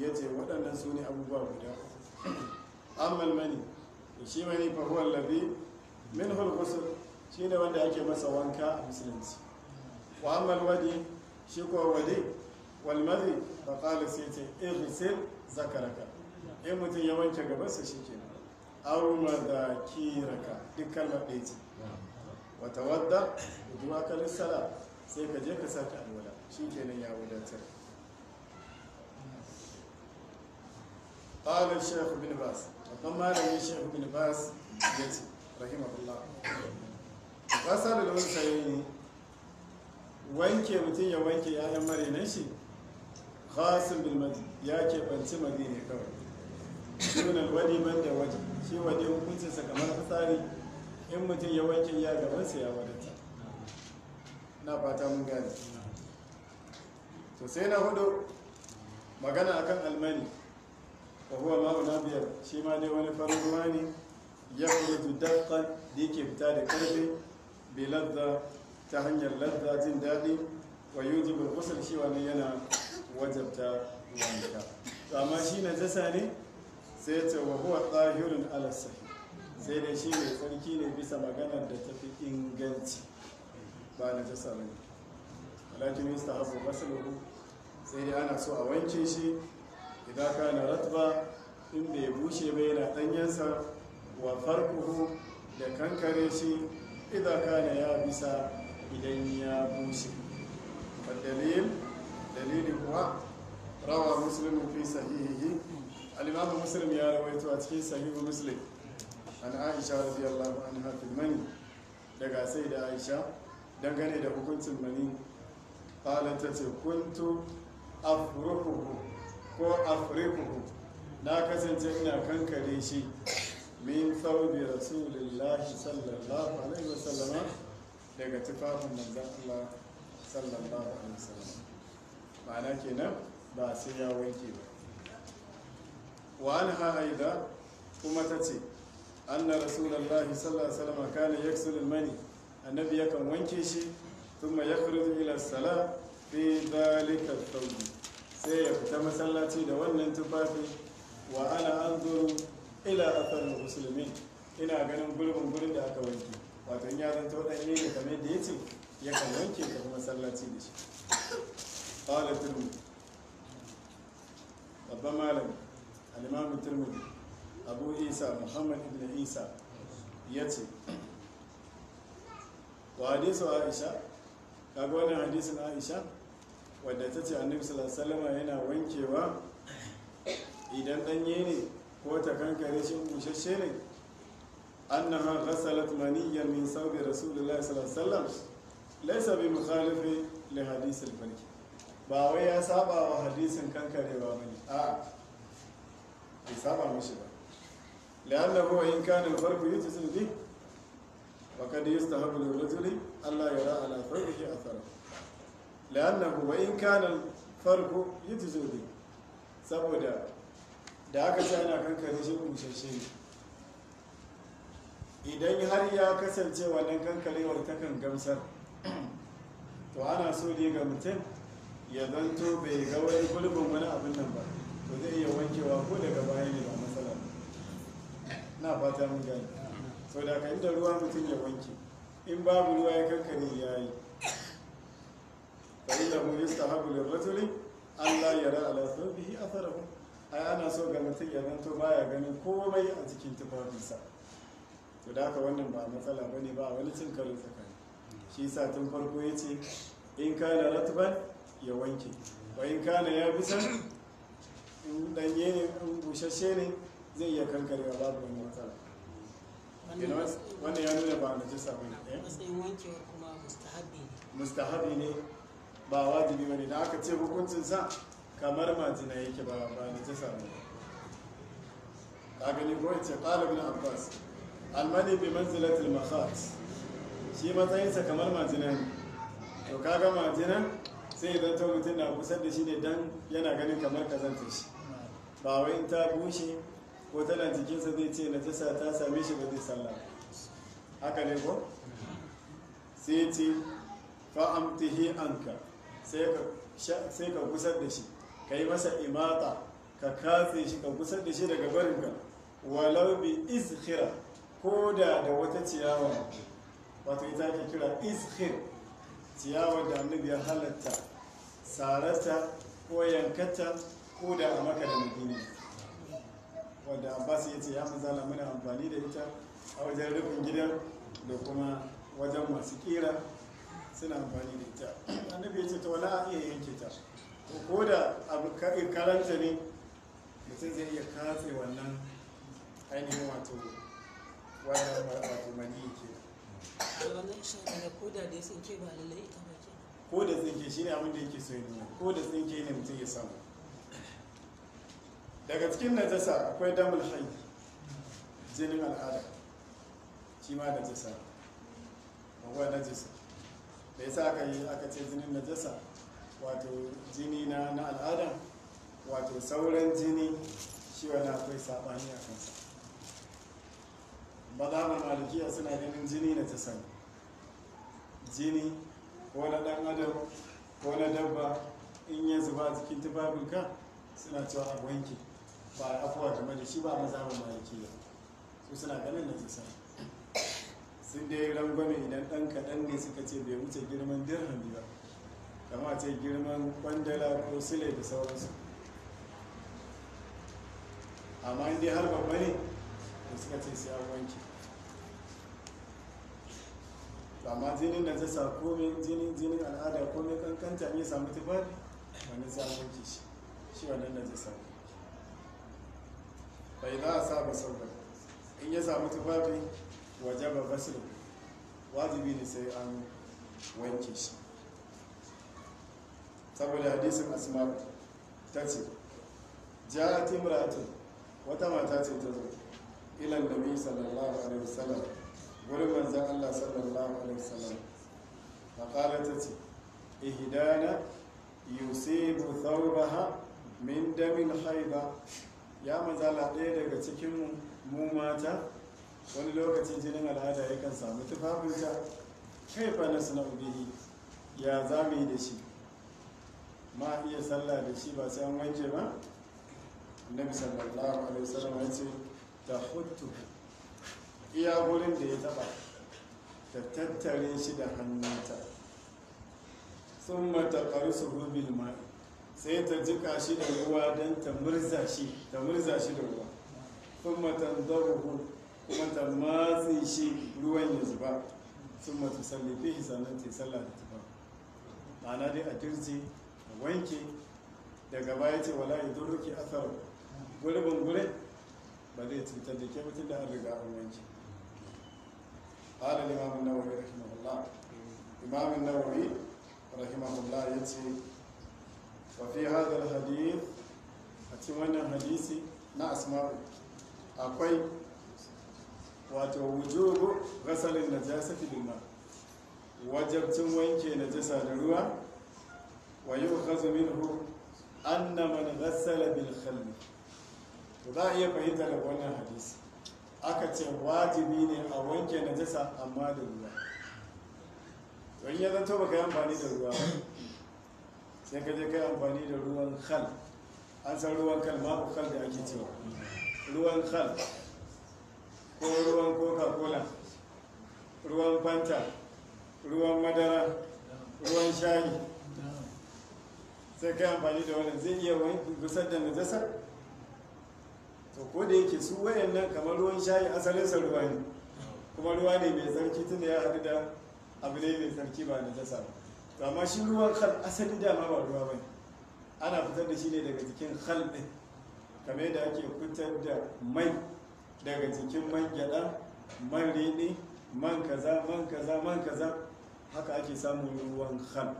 ya ce waɗannan su ne abubuwa guda ammal mani shi mani fahuwar labi min hulkusul shi ne wanda ake masa wanka a musulunci wa ammal wadi shi ko wadi wal madhi fa qala sai ce ighsil zakaraka in mutum ya wanke gabansa shi ke aw madakiraka duk kalmar ɗaya ce wa tawadda kuma kalin sala sai ka je ka sake alwala shi kenan ya wadatar قال الشيخ بن باز وكما لم الشيخ بن باز رحمه الله غسل الانثيين wanke mutum ya wanke yayan marinan shi khasin bil madi ya keɓanci madi ne kawai sunan wani ban da waje shi hukuncin hukuncinsa kamar fitsari in mutum ya wanke ya gabansa ya wadata na fata mun gane to sai na hudu magana akan almani wa huwa na biyar shi ma dai wani farin ruwa ne ya kuma da yake fita da karfe bilazza ta hanyar ladda jin daɗi wa yujibul ghusl shi wani yana wajabta wanka amma shi na najasa ne sai ce wa huwa tsahirin alasa sai dai shi mai tsarki ne bisa maganar da ta fi inganci ba na jasa bane walakin yustahabu ghusluhu sai dai ana so a wanke shi idan na ratba in bai bushe ba yana ɗanyensa. wa farkuhu da kankare shi idan ka na ya bisa idan ya bushe dalil dalili kuwa rawa muslim fi sahihihi al-imam muslim ya rawaito a cikin sahihu muslim an aisha radiyallahu anha fil mani daga sai da aisha dangane da hukuncin mani qalat ta ce kuntu afruhu ko afrikuhu na kasance ina kankare shi min thawbi rasulillahi sallallahu alaihi wasallam daga tufafin manzan Allah sallallahu alaihi wasallam ma'ana kenan ba sai ya wanke ba wa an ha'aida kuma ta ce anna rasulullahi sallallahu alaihi wasallam kana yaksul mani annabi yakan wanke shi thumma yakhruju ila salat fi dhalika thawb sai ya fita masallaci da wannan tufafi wa ana anzuru ila athar muslimin ina ganin gurbin gurin da aka wanke wato ya zanto ɗanye ne kamar yadda ya ce ya kan wanke ka kuma sallaci da shi ƙawala turmi babban malami Alimami turmi abu isa muhammad ibn isa ya ce wa hadisu aisha kaga wannan hadisin aisha wadda ta ce annabi sallallahu yana wankewa idan ɗanye ne ko ta kankare shi bushashe ne أنها غسلت منيا من ثوب رسول الله صلى الله عليه وسلم ليس بمخالف لحديث الفرج ba wai ya saba wa hadisin kankarewa bane a'a bai saba mishi ba لأنه إن كان الفرق يجزل به وقد يستحب للرجل ألا يرى على فرقه أثره لأنه وإن كان الفرق يجزل به saboda da aka ce ana kankare shi kuma shashe ne idan har ya kasance wannan kankarewar takan gamsar to ana so ne ga mutum ya zanto bai ga wani gulbin wani abin nan ba to zai iya wankewa ko daga baya ne ba matsala na fata mun gani so da ka inda ruwa mutum ya wanke in babu ruwa ya kankare ya yi fa'ila mu yusta habu lirratuli allah ya ra ala thawbihi atharahu ai ana so ga mutum ya zanto baya ganin komai a cikin tufafinsa to da haka wannan ba matsala ba ne ba wani cin karin tsakani shi sa tun farko ya ce in ka na ratban ya wanke ba in ka na ya bisa in danye ne in bushashe ne zai iya kankarewa babu wani matsala wannan ya nuna ba jisa ba ne eh? matsayin wankewar kuma mustahabi ne mustahabi ne ba wajibi ba ne da aka ce hukuncin sa kamar majina yake ba ba jisa ba ne ka gani ko ya ce ƙalibin abbas almani bi manzilatul makhat shi matsayinsa kamar majina ne to kaga majina sai idan ta mutum na kusa da shi ne dan yana ganin kamar kazanta shi ba wai in ta bushe ko tana jikinsa zai ce na jasa ta same shi ba zai sallah haka ne ko sai ce fa'amtihi anka sai ka gusar da shi ka yi masa imata ka katse shi ka da shi daga barinka walau bi izkhira ko da da wata ciyawa wato ita ke kira ishir ciyawar da annabi ya halatta sararta ko yankata ko da a maka da madina wadda abbas ya ce ya mazala muna amfani da ita a wajen rufin gidan da kuma wajen masu kira suna amfani da ita annabi ya ce ta wala a iya yanke ta ko da abu karanta ne mutum zai iya katse wannan ainihin wato wannan ke ko da dai sun tsinke shi ne abin da yake so ya nuna ko da tsinke ne mutum ya samu daga cikin najasa akwai damul hayy jinin al'ada shi ma najasa akwai najasa da yasa aka yi aka ce jinin najasa wato jini na al'ada wato sauran jini shi wani akwai sabani a kansa mazhabar malikiya suna ganin jini na tasani jini ko na dan adam ko na dabba in ya zuba cikin tufafinka suna cewa a wanke ba a afuwa game da shi ba a mazhabar malikiya su suna ganin na tasani sun dai rangwame idan dan kaɗan ne suka ce bai wuce girman dirham ba kama ce girman kwandala ko sile da sauransu amma inda har babba ne da suka ce sai an wanke amma jinin da zai sa komai jinin jinin al'ada komai kankanta ne samu tufafi wani sai an wanke shi shi wannan da zai sa bai za a saba sauran in ya samu tufafi wajaba basiru wajibi ne sai an wanke shi saboda hadisin asma ta ce ja'at imra'atun wata mata ce ta zo ilan nabi sallallahu alaihi wasallam wurin manzan Allah sallallahu alaihi wasallam ce tati ihdana yusibu thawbaha min damin haiba ya manzala ɗaya daga cikin mu mata wani lokacin jinin al'ada yakan samu tufafinta kai fa na suna ubihi ya zame da shi ma iya sallah da shi ba sai an wanke ba annabi sallallahu alaihi wasallam ya ce ta hutu iya wurin da ya taba ta tattare shi da hannunta sun matakar su rubin mai sai ta jika shi da ruwa don ta murza shi ta murza shi da ruwa sun mata zaruhu kuma ta matsi shi ruwan ya zuba sun mata sallafi sannan ta salla da tuba ma'ana dai a kirji a wanke daga baya ce wala ya a asar gurbin gurin ba zai cutar da ke mutum da an riga an wanke قال الإمام النووي رحمه الله إمام النووي رحمه الله يتي وفي هذا الحديث أتمنى حديثي na asma'u akwai wato wujubu ghasalin najasati bil ma wajabcin wanke najasa da ruwa wa yu'khadhu minhu anna man ghassala bil khalmi to iya fahimta da wannan hadisi aka ce wajibi ne a wanke na jisa amma da ruwa don ya zanto baka yi amfani da ruwa sai ka je kai amfani da ruwan khal an san ruwan khal ma khal da ake cewa ruwan khal ko ruwan coca-cola ruwan fanta ruwan madara ruwan shayi sai kai amfani da wani zai iya wani gusar da najasar to ko da yake su nan kamar ruwan shayi asalinsa ruwa ne kuma ruwa ne mai tsarki tun ya haɗu da abu ne mai tsarki ba na jasa ba to amma shi ruwan khal asali dama ba ruwa ba ana fitar da shi ne daga jikin khal ɗin kamar yadda ake fitar da mai daga jikin man gyaɗa man rini man kaza man kaza man kaza haka ake samun ruwan khal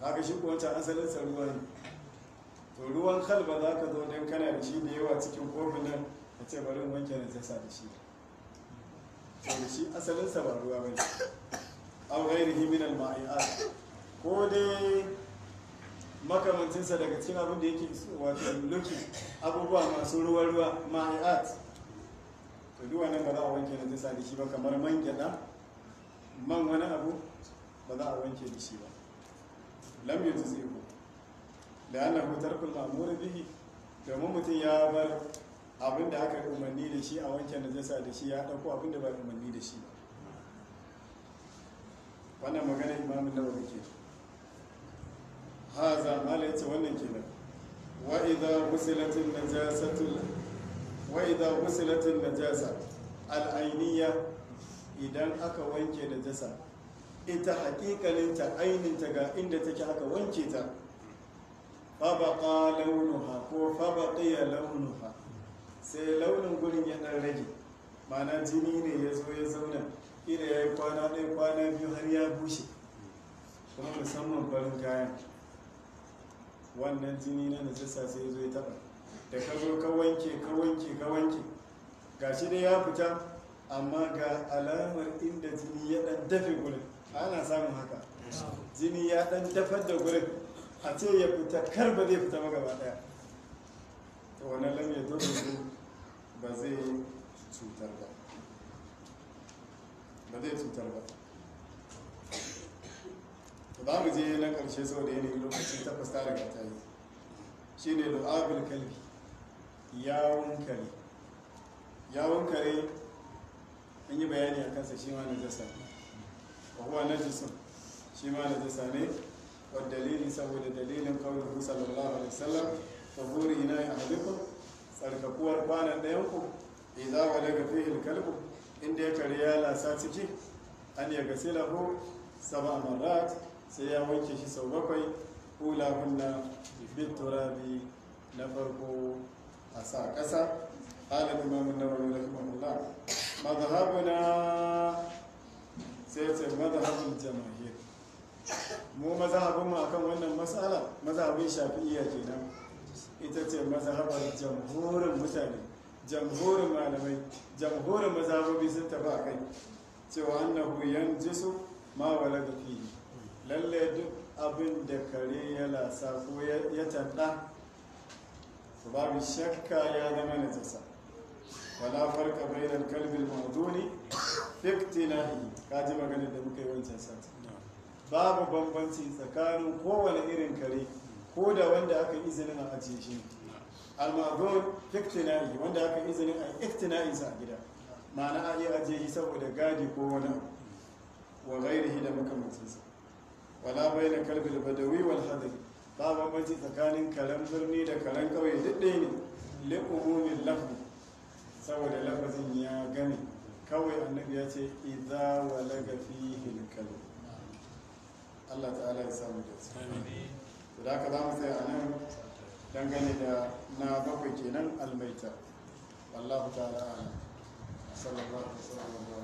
haka shi kuwa asalinsa ruwa ne to ruwan khal ba za ka zo don kana da shi da yawa cikin kofin nan ka ce bari wanke da jasa da shi to da shi asalinsa ba ruwa ba ne An ghairihi min al ma'iat ko dai makamancinsa daga cikin abin da yake wato luki abubuwa masu ruwa ruwa ma'iat to duwa nan ba za a wanke da jasa da shi ba kamar man gyada man wani abu ba za a wanke da shi ba lam yujzi'u da ana hutar kulmamuri bihi domin mutum ya bar abin da aka umarni da shi a wancan da sa da shi ya ɗauko abin da ba umarni da shi wannan magana imamin wani ke ha za mala yace wannan kenan wa idza wusilatin najasatu wa idza wusilatin najasa al idan aka wanke da jasa ita hakikalinta ta ga inda take aka wanke ta fabaka launuha ko fabaqiya launuha sai launin gurin ya dan rage mana jini ne ya zo ya zauna ina ya yi kwana ɗaya kwana biyu har ya bushe kuma musamman farin kayan wannan jini na najasa sai zo ya taɓa da ka zo ka wanke ka wanke ka wanke ga shi dai ya fita amma ga alamar inda jini ya ɗan dafe gurin ana samun haka jini ya ɗan dafar da gurin a ce ya fita kar ba zai fita magaba daya to wani lamye ya su ba zai cutar ba ba zai cutar ba ta ba mu je na karshe sau da yanayi lokacin takwas ta riga ta yi shi ne lu'abul kalbi yawon kare yawon kare an yi bayani a kansa shi ma na jasa ne wa na jisun shi ma na jasa ne والدليل سوى دليل قوله صلى الله عليه وسلم فبور إناء أحدكم tsarkakuwar kwanan ɗayanku idza walaga fihi alkalbu inda ya karya lasa ciki an ya gasilahu sab'a marrat sai ya wanke shi sau bakwai kula hunna bit turabi na farko a sa ƙasa qala mu mazhabin mu akan wannan matsala mazhabin shafi'iyya kenan ita ce mazhabar jamhurin mutane jamhurin malamai jamhurin mazhabobi sun tafi a kai cewa annahu yanjisu ma da fili. lalle duk abin da kare ya lasa ko ya tada babu shakka ya zama najasa wala farka bainal kalbi mawduni fi Ka kaji maganar da muka yi wancan sata. babu bambanci tsakanin kowane irin kare ko da wanda aka izinin a ajiye shi almazon iktina'i wanda aka izinin a iktina'insa a gida ma'ana a yi ajiye shi saboda gadi ko wani wa gairihi da makamancinsa wala bai na kalbil badawi wal hadari ba bambanci tsakanin karen birni da karen ƙauye duk ɗaya ne li'umumin lafzi saboda lafazin ya gane kawai annabi ya ce idza walaga fihi Allah ta'ala ya samu da su da aka za mu tsaya a nan dangane da na bakwai kenan almaita wallahu ta'ala sallallahu alaihi wasallam